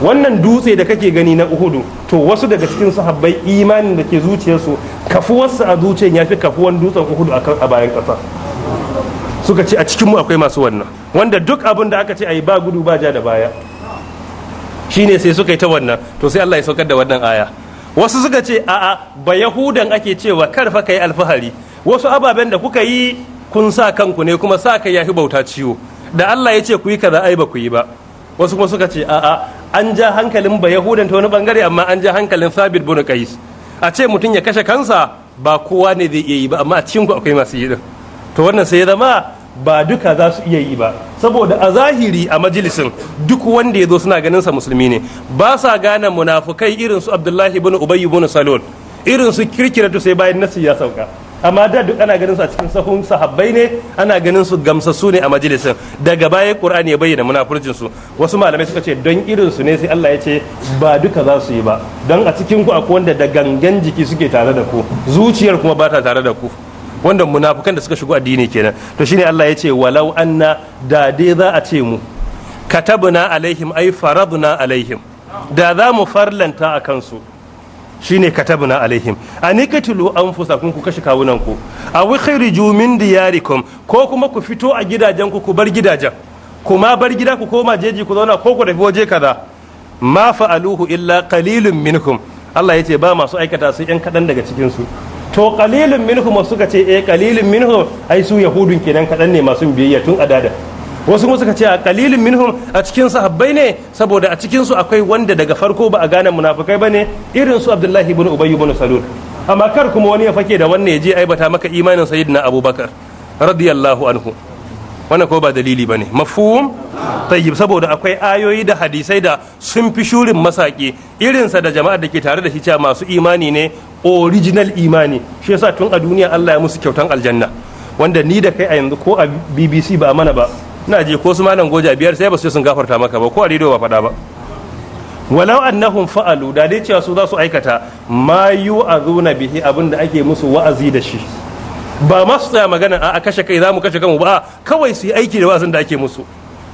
wannan dutse da kake gani na uhudu to wasu daga cikin sahabbai imanin da ke zuciyarsu kafuwarsu a zuciyar ya fi kafuwan dutsen uhudu a bayan ƙasa suka ce a cikinmu akwai masu wannan wanda duk abin da aka ce a yi ba gudu ba ja da baya shine sai suka yi ta wannan to sai allah ya saukar da wannan aya wasu suka ce a ba yahudan ake cewa karfa kai alfahari wasu ababen da kuka yi kun sa kanku ne kuma sa kai yafi bauta ciwo da Allah ya ce ku yi kaza ai ba ku yi ba wasu kuma suka ce a'a an ja hankalin ba yahudan ta wani bangare amma an ja hankalin sabit bin qais a ce mutum ya kashe kansa ba kowa ne zai iya yi ba amma a cikin ku akwai masu yi din to wannan sai ya zama ba duka za su iya yi ba saboda a zahiri a majalisin duk wanda ya zo suna ganin sa musulmi ne ba sa gane munafukai irin su abdullahi ibn ubayy ibn salul irin su kirkiratu sai bayan nasi ya sauka amma da duk ana ganin su a cikin sahun sahabbai ne ana ganin su gamsassu ne a majalisin daga baya qur'ani ya bayyana munafurcin su wasu malamai suka ce don irin su ne sai Allah ya ce ba duka za su yi ba don a cikin ku akwai wanda da gangan jiki suke tare da ku zuciyar kuma ba ta tare da ku wanda munafukan da suka shigo addini kenan to shine Allah ya ce walau anna da dai za a ce mu katabna alaihim ay faradna alaihim da za mu farlanta a kansu shine katabna alaihim an anfusakum ku kashe kawunan ku aw khairiju min diyarikum ko kuma ku fito a gidajen ku ku bar gidajen kuma bar gida ku koma jeji ku zauna ko ku tafi waje kaza ma fa'aluhu illa qalilun minkum Allah ya ce ba masu aikata sai yan kaɗan daga cikinsu to qalilun minhum suka ce eh qalilun minhum ai su yahudun kenan kadan ne masu biyayya tun adada wasu kuma suka ce a qalilun minhum a cikin sahabbai ne saboda a cikin su akwai wanda daga farko ba a gane munafikai bane irin su Abdullahi ibn Ubay ibn Salul amma kar kuma wani ya fake da wannan ya je aibata maka imanin sayyidina Abubakar radiyallahu anhu wannan ko ba dalili bane mafhum tayyib saboda akwai ayoyi da hadisai da sun fi shurin masaki irinsa da jama'ar da ke tare da shi cewa masu imani ne original imani shi yasa tun a duniya Allah ya musu kyautan aljanna wanda ni da kai a yanzu ko a BBC ba mana ba na je ko su malam goja biyar sai ba su sun gafarta maka ba ko a rediyo ba faɗa ba walau annahum fa'alu da dai cewa su za su aikata ma yu'azuna bihi abinda ake musu wa'azi da shi ba ma su tsaya magana a kashe kai za mu kashe kanmu ba kawai su yi aiki da wasan da ake musu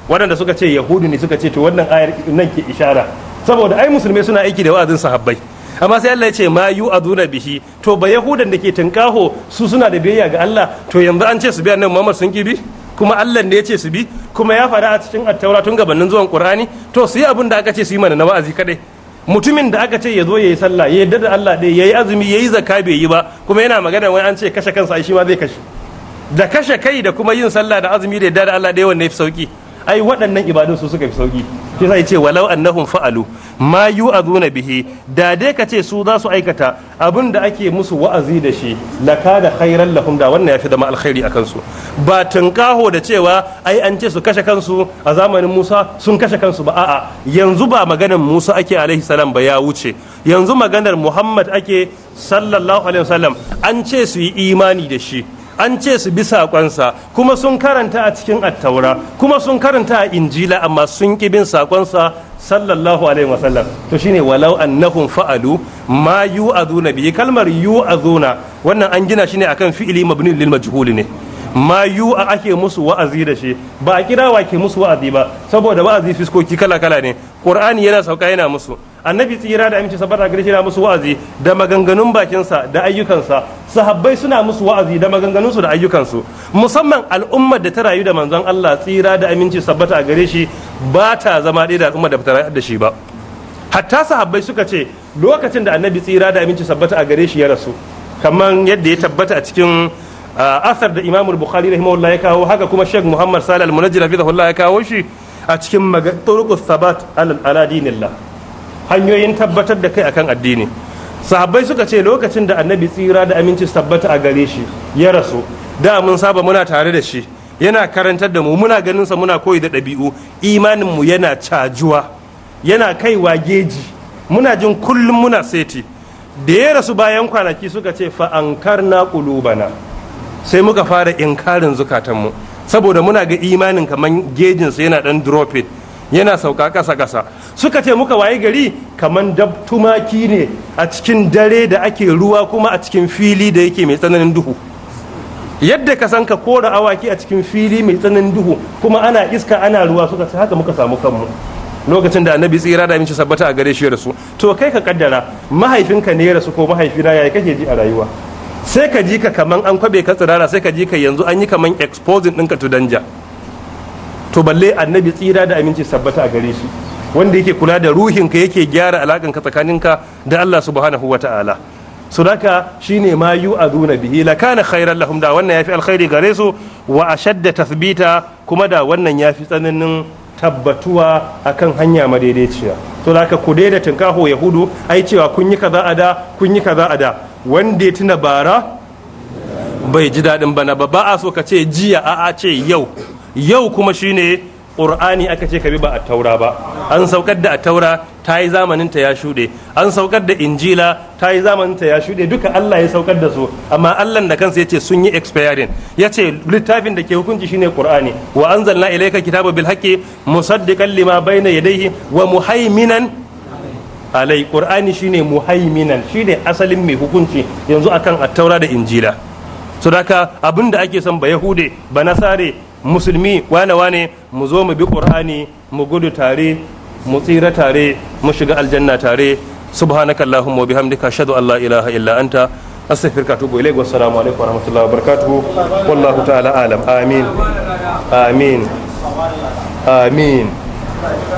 waɗanda suka ce yahudu ne suka ce to wannan ayar nan ke ishara saboda ai musulmai suna aiki da wa'azin sahabbai amma sai Allah ya ce ma yu aduna bihi to ba yahudan da ke tinkaho su suna da biyayya ga Allah to yanzu an ce su biya nan Muhammad sun kibi kuma Allah ne ya ce su bi kuma ya fara a cikin attaura tun gabanin zuwan Qur'ani to su yi abin da aka ce su yi mana na wa'azi kadai mutumin da aka ce ya zo ya yi sallah ya yarda da Allah ɗaya ya yi azumi ya yi zaka bai yi ba kuma yana magana wani an ce kashe kansa shi ma zai kashe da kashe kai da kuma yin sallah da azumi da yarda da Allah ɗaya wannan ya fi sauki ai waɗannan ibadun su suka fi sauki shi sai ce walau annahum fa'alu ma yu azuna bihi da dai ka ce su za su aikata abin da ake musu wa'azi da shi laka da khairan lahum da wannan yafi zama alkhairi akan su ba tunkaho da cewa ai an ce su kashe kansu a zamanin Musa sun kashe kansu ba a'a yanzu ba maganar Musa ake alaihi salam ba ya wuce yanzu maganar Muhammad ake sallallahu alaihi wasallam an ce su yi imani da shi an ce su bi saƙonsa kuma sun karanta a cikin attaura kuma sun karanta a injila amma sun ƙi bin saƙonsa sallallahu alaihi wasallam to shine walau annahum fa'alu ma yu'azuna bi kalmar yu'azuna wannan an gina shi ne akan fi'ili mabni lil majhul ne ma yu a ake musu wa'azi da shi ba a kira wa ke musu wa'azi ba saboda wa'azi fiskoki kala kala ne qur'ani yana sauka yana musu annabi tsira da aminci sabata gare shi na musu wa'azi da maganganun bakinsa da ayyukansa sahabbai suna musu wa'azi da maganganunsu da ayyukansu musamman al'ummar da ta rayu da manzon Allah tsira da aminci sabata gare shi ba ta zama ɗaya da al'ummar da ta rayu da shi ba hatta sahabbai suka ce lokacin da annabi tsira da aminci sabata a gare shi ya rasu kamar yadda ya tabbata a cikin asar da imamul bukhari rahimahullah ya kawo haka kuma sheikh muhammad salih al-munajjir hafizahullah ya kawo shi a cikin turuqus sabat al-aladinillah hanyoyin tabbatar da kai akan addini sahabbai suka ce lokacin da annabi tsira da aminci tabbata a gare shi ya rasu da mun saba muna tare da shi yana karantar da mu muna ganin sa muna koyi da ɗabi'u imanin mu yana cajuwa yana kaiwa geji muna jin kullum muna seti da ya rasu bayan kwanaki suka ce fa ankar ankarna qulubana sai muka fara inkarin zukatanmu saboda muna ga imanin kaman gejinsa yana ɗan dropping yana sauka kasa-kasa suka ce muka waye gari kamar dab tumaki ne a cikin dare da ake ruwa kuma a cikin fili da yake mai tsananin duhu yadda ka san ka kora awaki a cikin fili mai tsananin duhu kuma ana iska ana ruwa suka ce haka muka samu kanmu lokacin da annabi tsira da minci sabbata a gare shi rasu to kai ka kaddara mahaifinka ne rasu ko mahaifina yayi kake ji a rayuwa sai ka ji ka kaman an kwabe ka tsirara sai ka ji ka yanzu an yi kaman exposing ɗinka to danja to balle annabi tsira da aminci sabbata a gare shi wanda yake kula da ruhin ka yake gyara alakan ka tsakanin ka da Allah subhanahu wa ta'ala so daka shine ma yu aduna bihi la kana khairan lahum da wannan yafi alkhairi gare su wa ashadda tathbita kuma da wannan yafi tsananin tabbatuwa akan hanya madaidaiciya to da ku daida tinkaho yahudu ai cewa kun yi kaza a da kun yi kaza a da wanda ya tuna bara bai ji daɗin bana ba ba a so ka ce jiya a a ce yau yau kuma shine ƙur'ani aka ce ka bi ba a taura ba an saukar da a taura ta yi zamaninta ya shuɗe an saukar da injila ta yi zamaninta ya shuɗe duka allah ya saukar da su amma allah da kansa ya ce sun yi expiring ya ce littafin da ke hukunci shine qur'ani wa anzalna ilayka kitaba bil haqqi musaddiqan lima bayna yadayhi wa muhaiminan alai qur'ani shine muhaiminan shine asalin mai hukunci yanzu akan attaura da injila so abin da ake son ba yahude ba nasare musulmi wane wane mu zo mu bi qur'ani mu gudu tare mu tsira tare mu shiga aljanna tare subhanaka allahumma bihamdika ashhadu an la ilaha illa anta astaghfiruka wa atubu alaikum wallahu ta'ala alam amin amin amin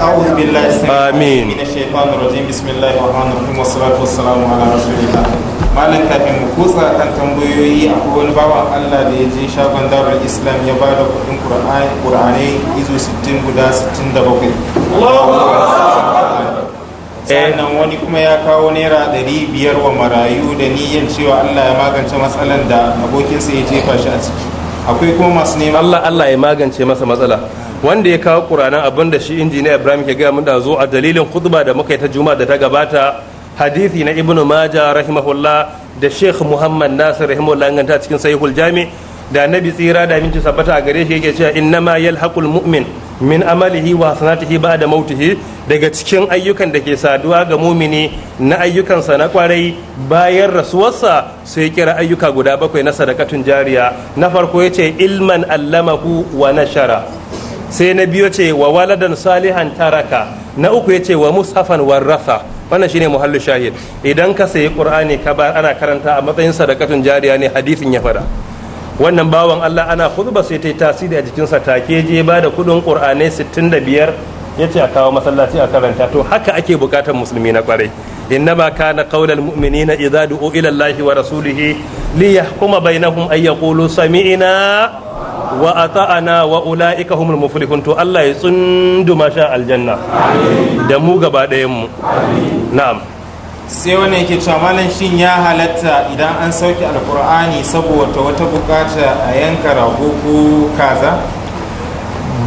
أعوذ بالله من الشيطان الرجيم بسم الله الرحمن الرحيم والصلاة والسلام على رسول الله malam kafin mu kutsa kan tambayoyi akwai wani bawan allah da ya je shagon darul islam ya ba da kudin ƙur'anai izo 60 guda 67 sannan wani kuma ya kawo naira biyar wa marayu da niyyar cewa allah ya magance matsalan da abokinsa ya jefa shi a ciki akwai kuma masu neman allah allah ya magance masa matsala wanda ya kawo ƙur'anan abin da shi injiniya ibrahim ke gaya mun da zo a dalilin khutba da muka yi ta juma'a da ta gabata hadithi na Ibnu maja rahimahullah da sheikh muhammad nasir rahimahullah ganta cikin sahihul jami da nabi tsira da aminci sabbata a gare shi yake cewa ma yalhaqul mu'min min amalihi wa sanatihi ba'da mautihi daga cikin ayyukan da ke saduwa ga mumini na ayyukansa na kwarai bayan rasuwarsa sai kira ayyuka guda bakwai na sadakatun jariya na farko yace ilman allamahu wa nashara sai na biyo yace wa waladan salihan taraka na uku yace wa mushafan warrafa wannan shine muhallu shahid idan ka sayi qur'ani ka ba ana karanta a matsayin sadakatun jariya ne hadisin ya fada wannan bawan Allah ana khutba sai ta tasiri a jikin jikinsa take je ba da kudin qur'ani 65 yace a kawo masallaci a karanta to haka ake bukatar musulmi na kwarai innama kana qaulal mu'minina idza du'u ila allahi wa rasulihi liyahkuma bainahum ay yaqulu sami'na wa ata'ana wa ula'ika humul muflihun to Allah ya tsunduma sha aljanna da mu gaba ɗayan mu na'am sai wani yake cewa malam shin ya halatta idan an sauke alkur'ani saboda wata bukata a yanka rago ko kaza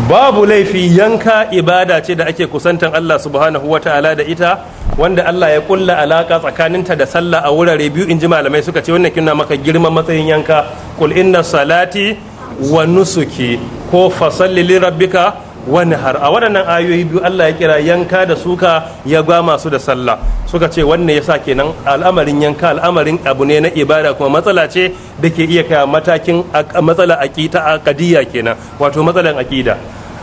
babu laifi yanka ibada ce da ake kusantan Allah subhanahu wata'ala da ita wanda Allah ya kulla alaka tsakaninta da sallah a wurare biyu in malamai suka ce wannan kina maka girman matsayin yanka kul inna salati wa nusuki ko fasalli li rabbika wani har a waɗannan ayoyi biyu Allah ya kira yanka da suka ya ga masu da sallah suka ce wannan yasa kenan al'amarin yanka al'amarin abu ne na ibada kuma matsala ce da ke iya kai matakin matsala a aqidiyya kenan wato matsalan aqida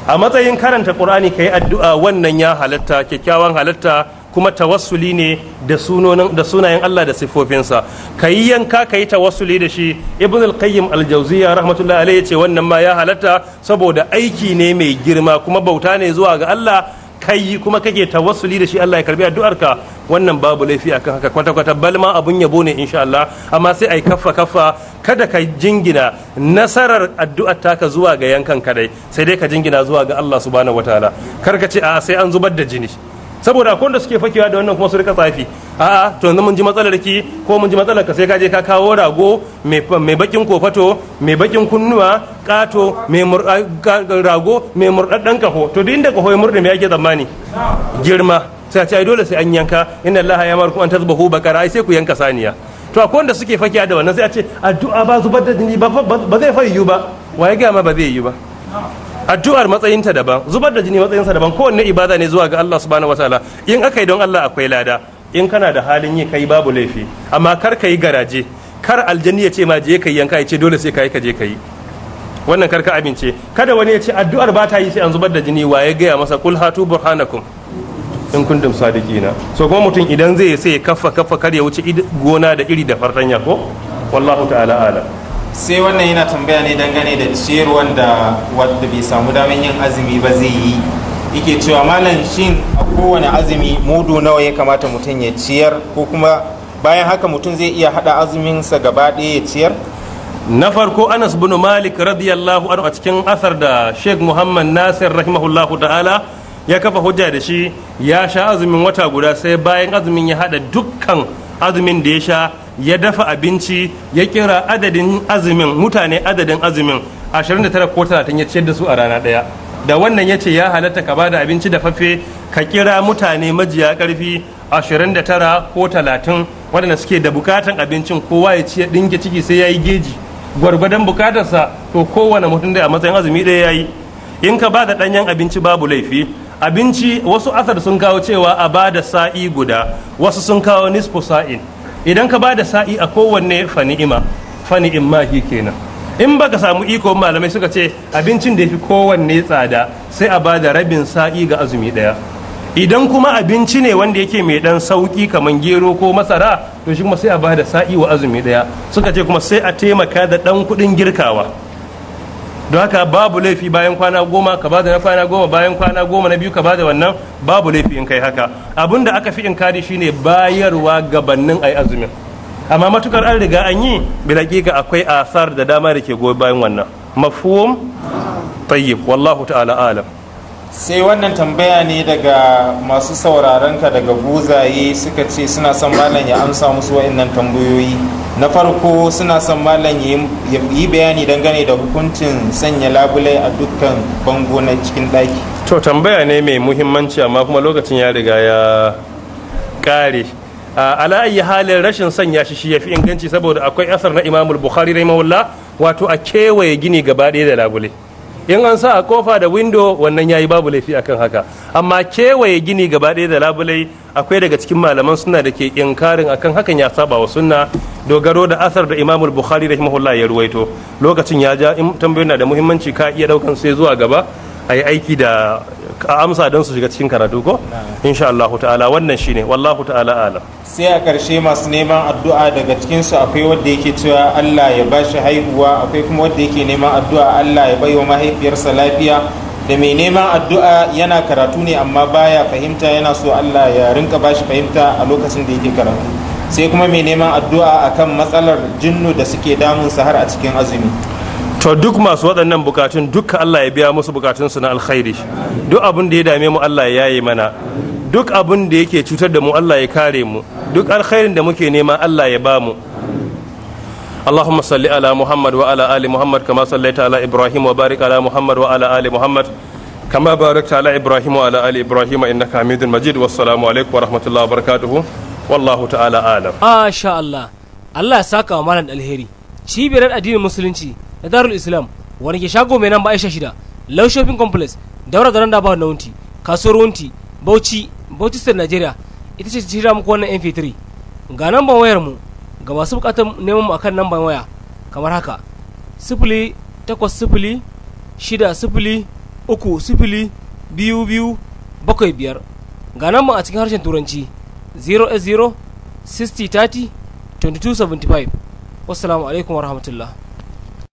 a matsayin karanta qur'ani kai addu'a wannan ya halatta kyakkyawan halatta kuma tawassuli ne da sunayen Allah da siffofinsa ka yi yanka ka yi tawassuli da shi ibn al-qayyim al-jawziya rahmatullahi alaihi yace wannan ma ya halatta saboda aiki ne mai girma kuma bauta ne zuwa ga Allah kai kuma kake tawassuli da shi Allah ya karbi addu'arka wannan babu laifi akan haka kwata kwata balma abun yabo ne insha Allah amma sai ai kaffa kaffa kada ka jingina nasarar addu'ar taka zuwa ga yankan kadai sai dai ka jingina zuwa ga Allah subhanahu wataala kar ka ce a sai an zubar da jini saboda akwai wanda suke fakewa da wannan kuma su rika tsafi a'a to yanzu mun ji matsalar ki ko mun ji matsalar ka sai ka je ka kawo rago mai bakin kofato mai bakin kunnuwa kato mai rago mai murdaddan kaho to duk inda kaho ya murɗa mai yake tsammani girma sai a ce ai dole sai an yanka inna allah ya marku an tazbahu bakara ai sai ku yanka saniya to akwai wanda suke fakiya da wannan sai a ce addu'a ba zubar da jini ba zai fa yiwu ba ya ga ma ba zai yi ba addu'ar matsayinta daban zubar da jini matsayinsa daban kowanne ibada ne zuwa ga Allah subhanahu wataala in aka yi don Allah akwai lada in kana da halin yi kai babu laifi amma kar ka yi garaje kar aljanni ya ce ma je kai yanka ya ce dole sai ka yi ka je ka yi wannan kar ka amince kada wani ya ce addu'ar ba ta yi sai an zubar da jini waye gaya masa kul hatu burhanakum in kuntum sadiqina so kuma mutum idan zai sai kafa kafa kar ya wuce gona da iri da fartanya ko wallahu ta'ala alam sai wannan yana tambaya ne dangane da ciyarwar da wadda bai samu damar yin azumi ba zai yi yake cewa malam shin a kowane azumi mudu nawa ya kamata mutum ya ciyar ko kuma bayan haka mutum zai iya hada azuminsa gaba ɗaya ya ciyar na farko anas bin malik radiyallahu anhu a cikin asar da sheikh muhammad nasir rahimahullahu ta'ala ya kafa hujja da shi ya sha azumin wata guda sai bayan azumin ya hada dukkan azumin da ya sha ya dafa abinci ya kira adadin azumin mutane adadin azumin 29 ko 30 ya ciyar da su a rana daya da wannan ya ce ya halatta ka bada abinci da fafe ka kira mutane majiya karfi 29 ko 30 waɗanda suke da bukatan abincin kowa ya ci dinke ciki sai ya yi geji gwargwadon bukatarsa to kowane mutum da a matsayin azumi ɗaya ya yi in ka bada ɗanyen abinci babu laifi abinci wasu asar sun kawo cewa a ba da sa'i guda wasu sun kawo nisfu sa'in idan ka ba da sa'i a kowanne fani'ima fani'in mahi kenan in baka samu iko malamai suka ce abincin da ya fi kowanne tsada sai a ba da rabin sa'i ga azumi daya idan kuma abinci ne wanda yake mai dan sauki kamar gero ko masara to shi kuma sai a ba da sa'i wa azumi ɗaya suka ce kuma sai a taimaka da ɗan kuɗin girkawa don haka babu laifi bayan kwana goma ka bada na kwana goma bayan kwana goma na biyu ka bada wannan babu laifi in kai haka abin da aka fi in kari shine bayarwa gabanin ai azumin amma matukar an riga an yi bilakika akwai asar da dama da ke goyi bayan wannan mafhum tayyib wallahu ta'ala alam sai wannan tambaya ne daga masu sauraronka daga buzaye suka ce suna son malam ya amsa musu wa'annan tambayoyi na farko suna son malam ya yi bayani dangane da hukuncin sanya labulai a dukkan bango na cikin ɗaki to tambaya ne mai muhimmanci amma kuma lokacin ya riga ya kare ala ayi halin rashin sanya shi shi yafi inganci saboda akwai asar na imamul bukhari rahimahullah wato a kewaye gini gaba ɗaya da labule in an sa a kofa da window wannan ya yi babu laifi akan haka amma kewaye gini gaba ɗaya da labulai akwai daga cikin malaman suna da ke inkarin akan hakan ya saba wa sunna dogaro da asar da imamul bukhari rahimahullah ya ruwaito lokacin ya ja in na da muhimmanci ka iya daukan sai zuwa gaba a yi aiki da amsa don su shiga cikin karatu ko insha Allah ta'ala wannan shine wallahu ta'ala alam sai a karshe masu neman addu'a daga cikin su akwai wanda yake cewa Allah ya bashi haihuwa akwai kuma wanda yake neman addu'a Allah ya baiwa mahaifiyarsa lafiya da mai neman addu'a yana karatu ne amma baya fahimta yana so Allah ya rinka bashi fahimta a lokacin da yake karatu sai kuma mai neman addu'a akan matsalar jinnu da suke damunsa har a cikin azumi to duk masu waɗannan bukatun duka Allah ya biya musu bukatunsu na alkhairi duk abin da ya dame mu Allah ya yi mana duk abin da yake cutar da mu Allah ya kare mu duk alkhairin da muke nema Allah ya ba mu اللهم صل على محمد وعلى آل محمد كما صليت على إبراهيم وبارك على محمد وعلى آل محمد كما باركت على إبراهيم وعلى آل إبراهيم إنك حميد مجيد والسلام عليكم ورحمة الله وبركاته والله تعالى أعلم ما شاء الله الله ساكا ومالا الهيري cibiyar addinin المسلمين da darul islam wani ke shago mai nan ba aisha shida low shopping complex daura da randa ba na wunti kasuwar wunti bauchi bauchi state nigeria ita ce shirya muku wannan mp3 ga namban wayar mu ga masu bukatar neman mu akan namban waya kamar haka sifili takwas sifili shida sifili uku sifili biyu biyu bakwai biyar ga namban a cikin harshen turanci 0S0 60 30 2275 wassalamu alaikum warahmatullahi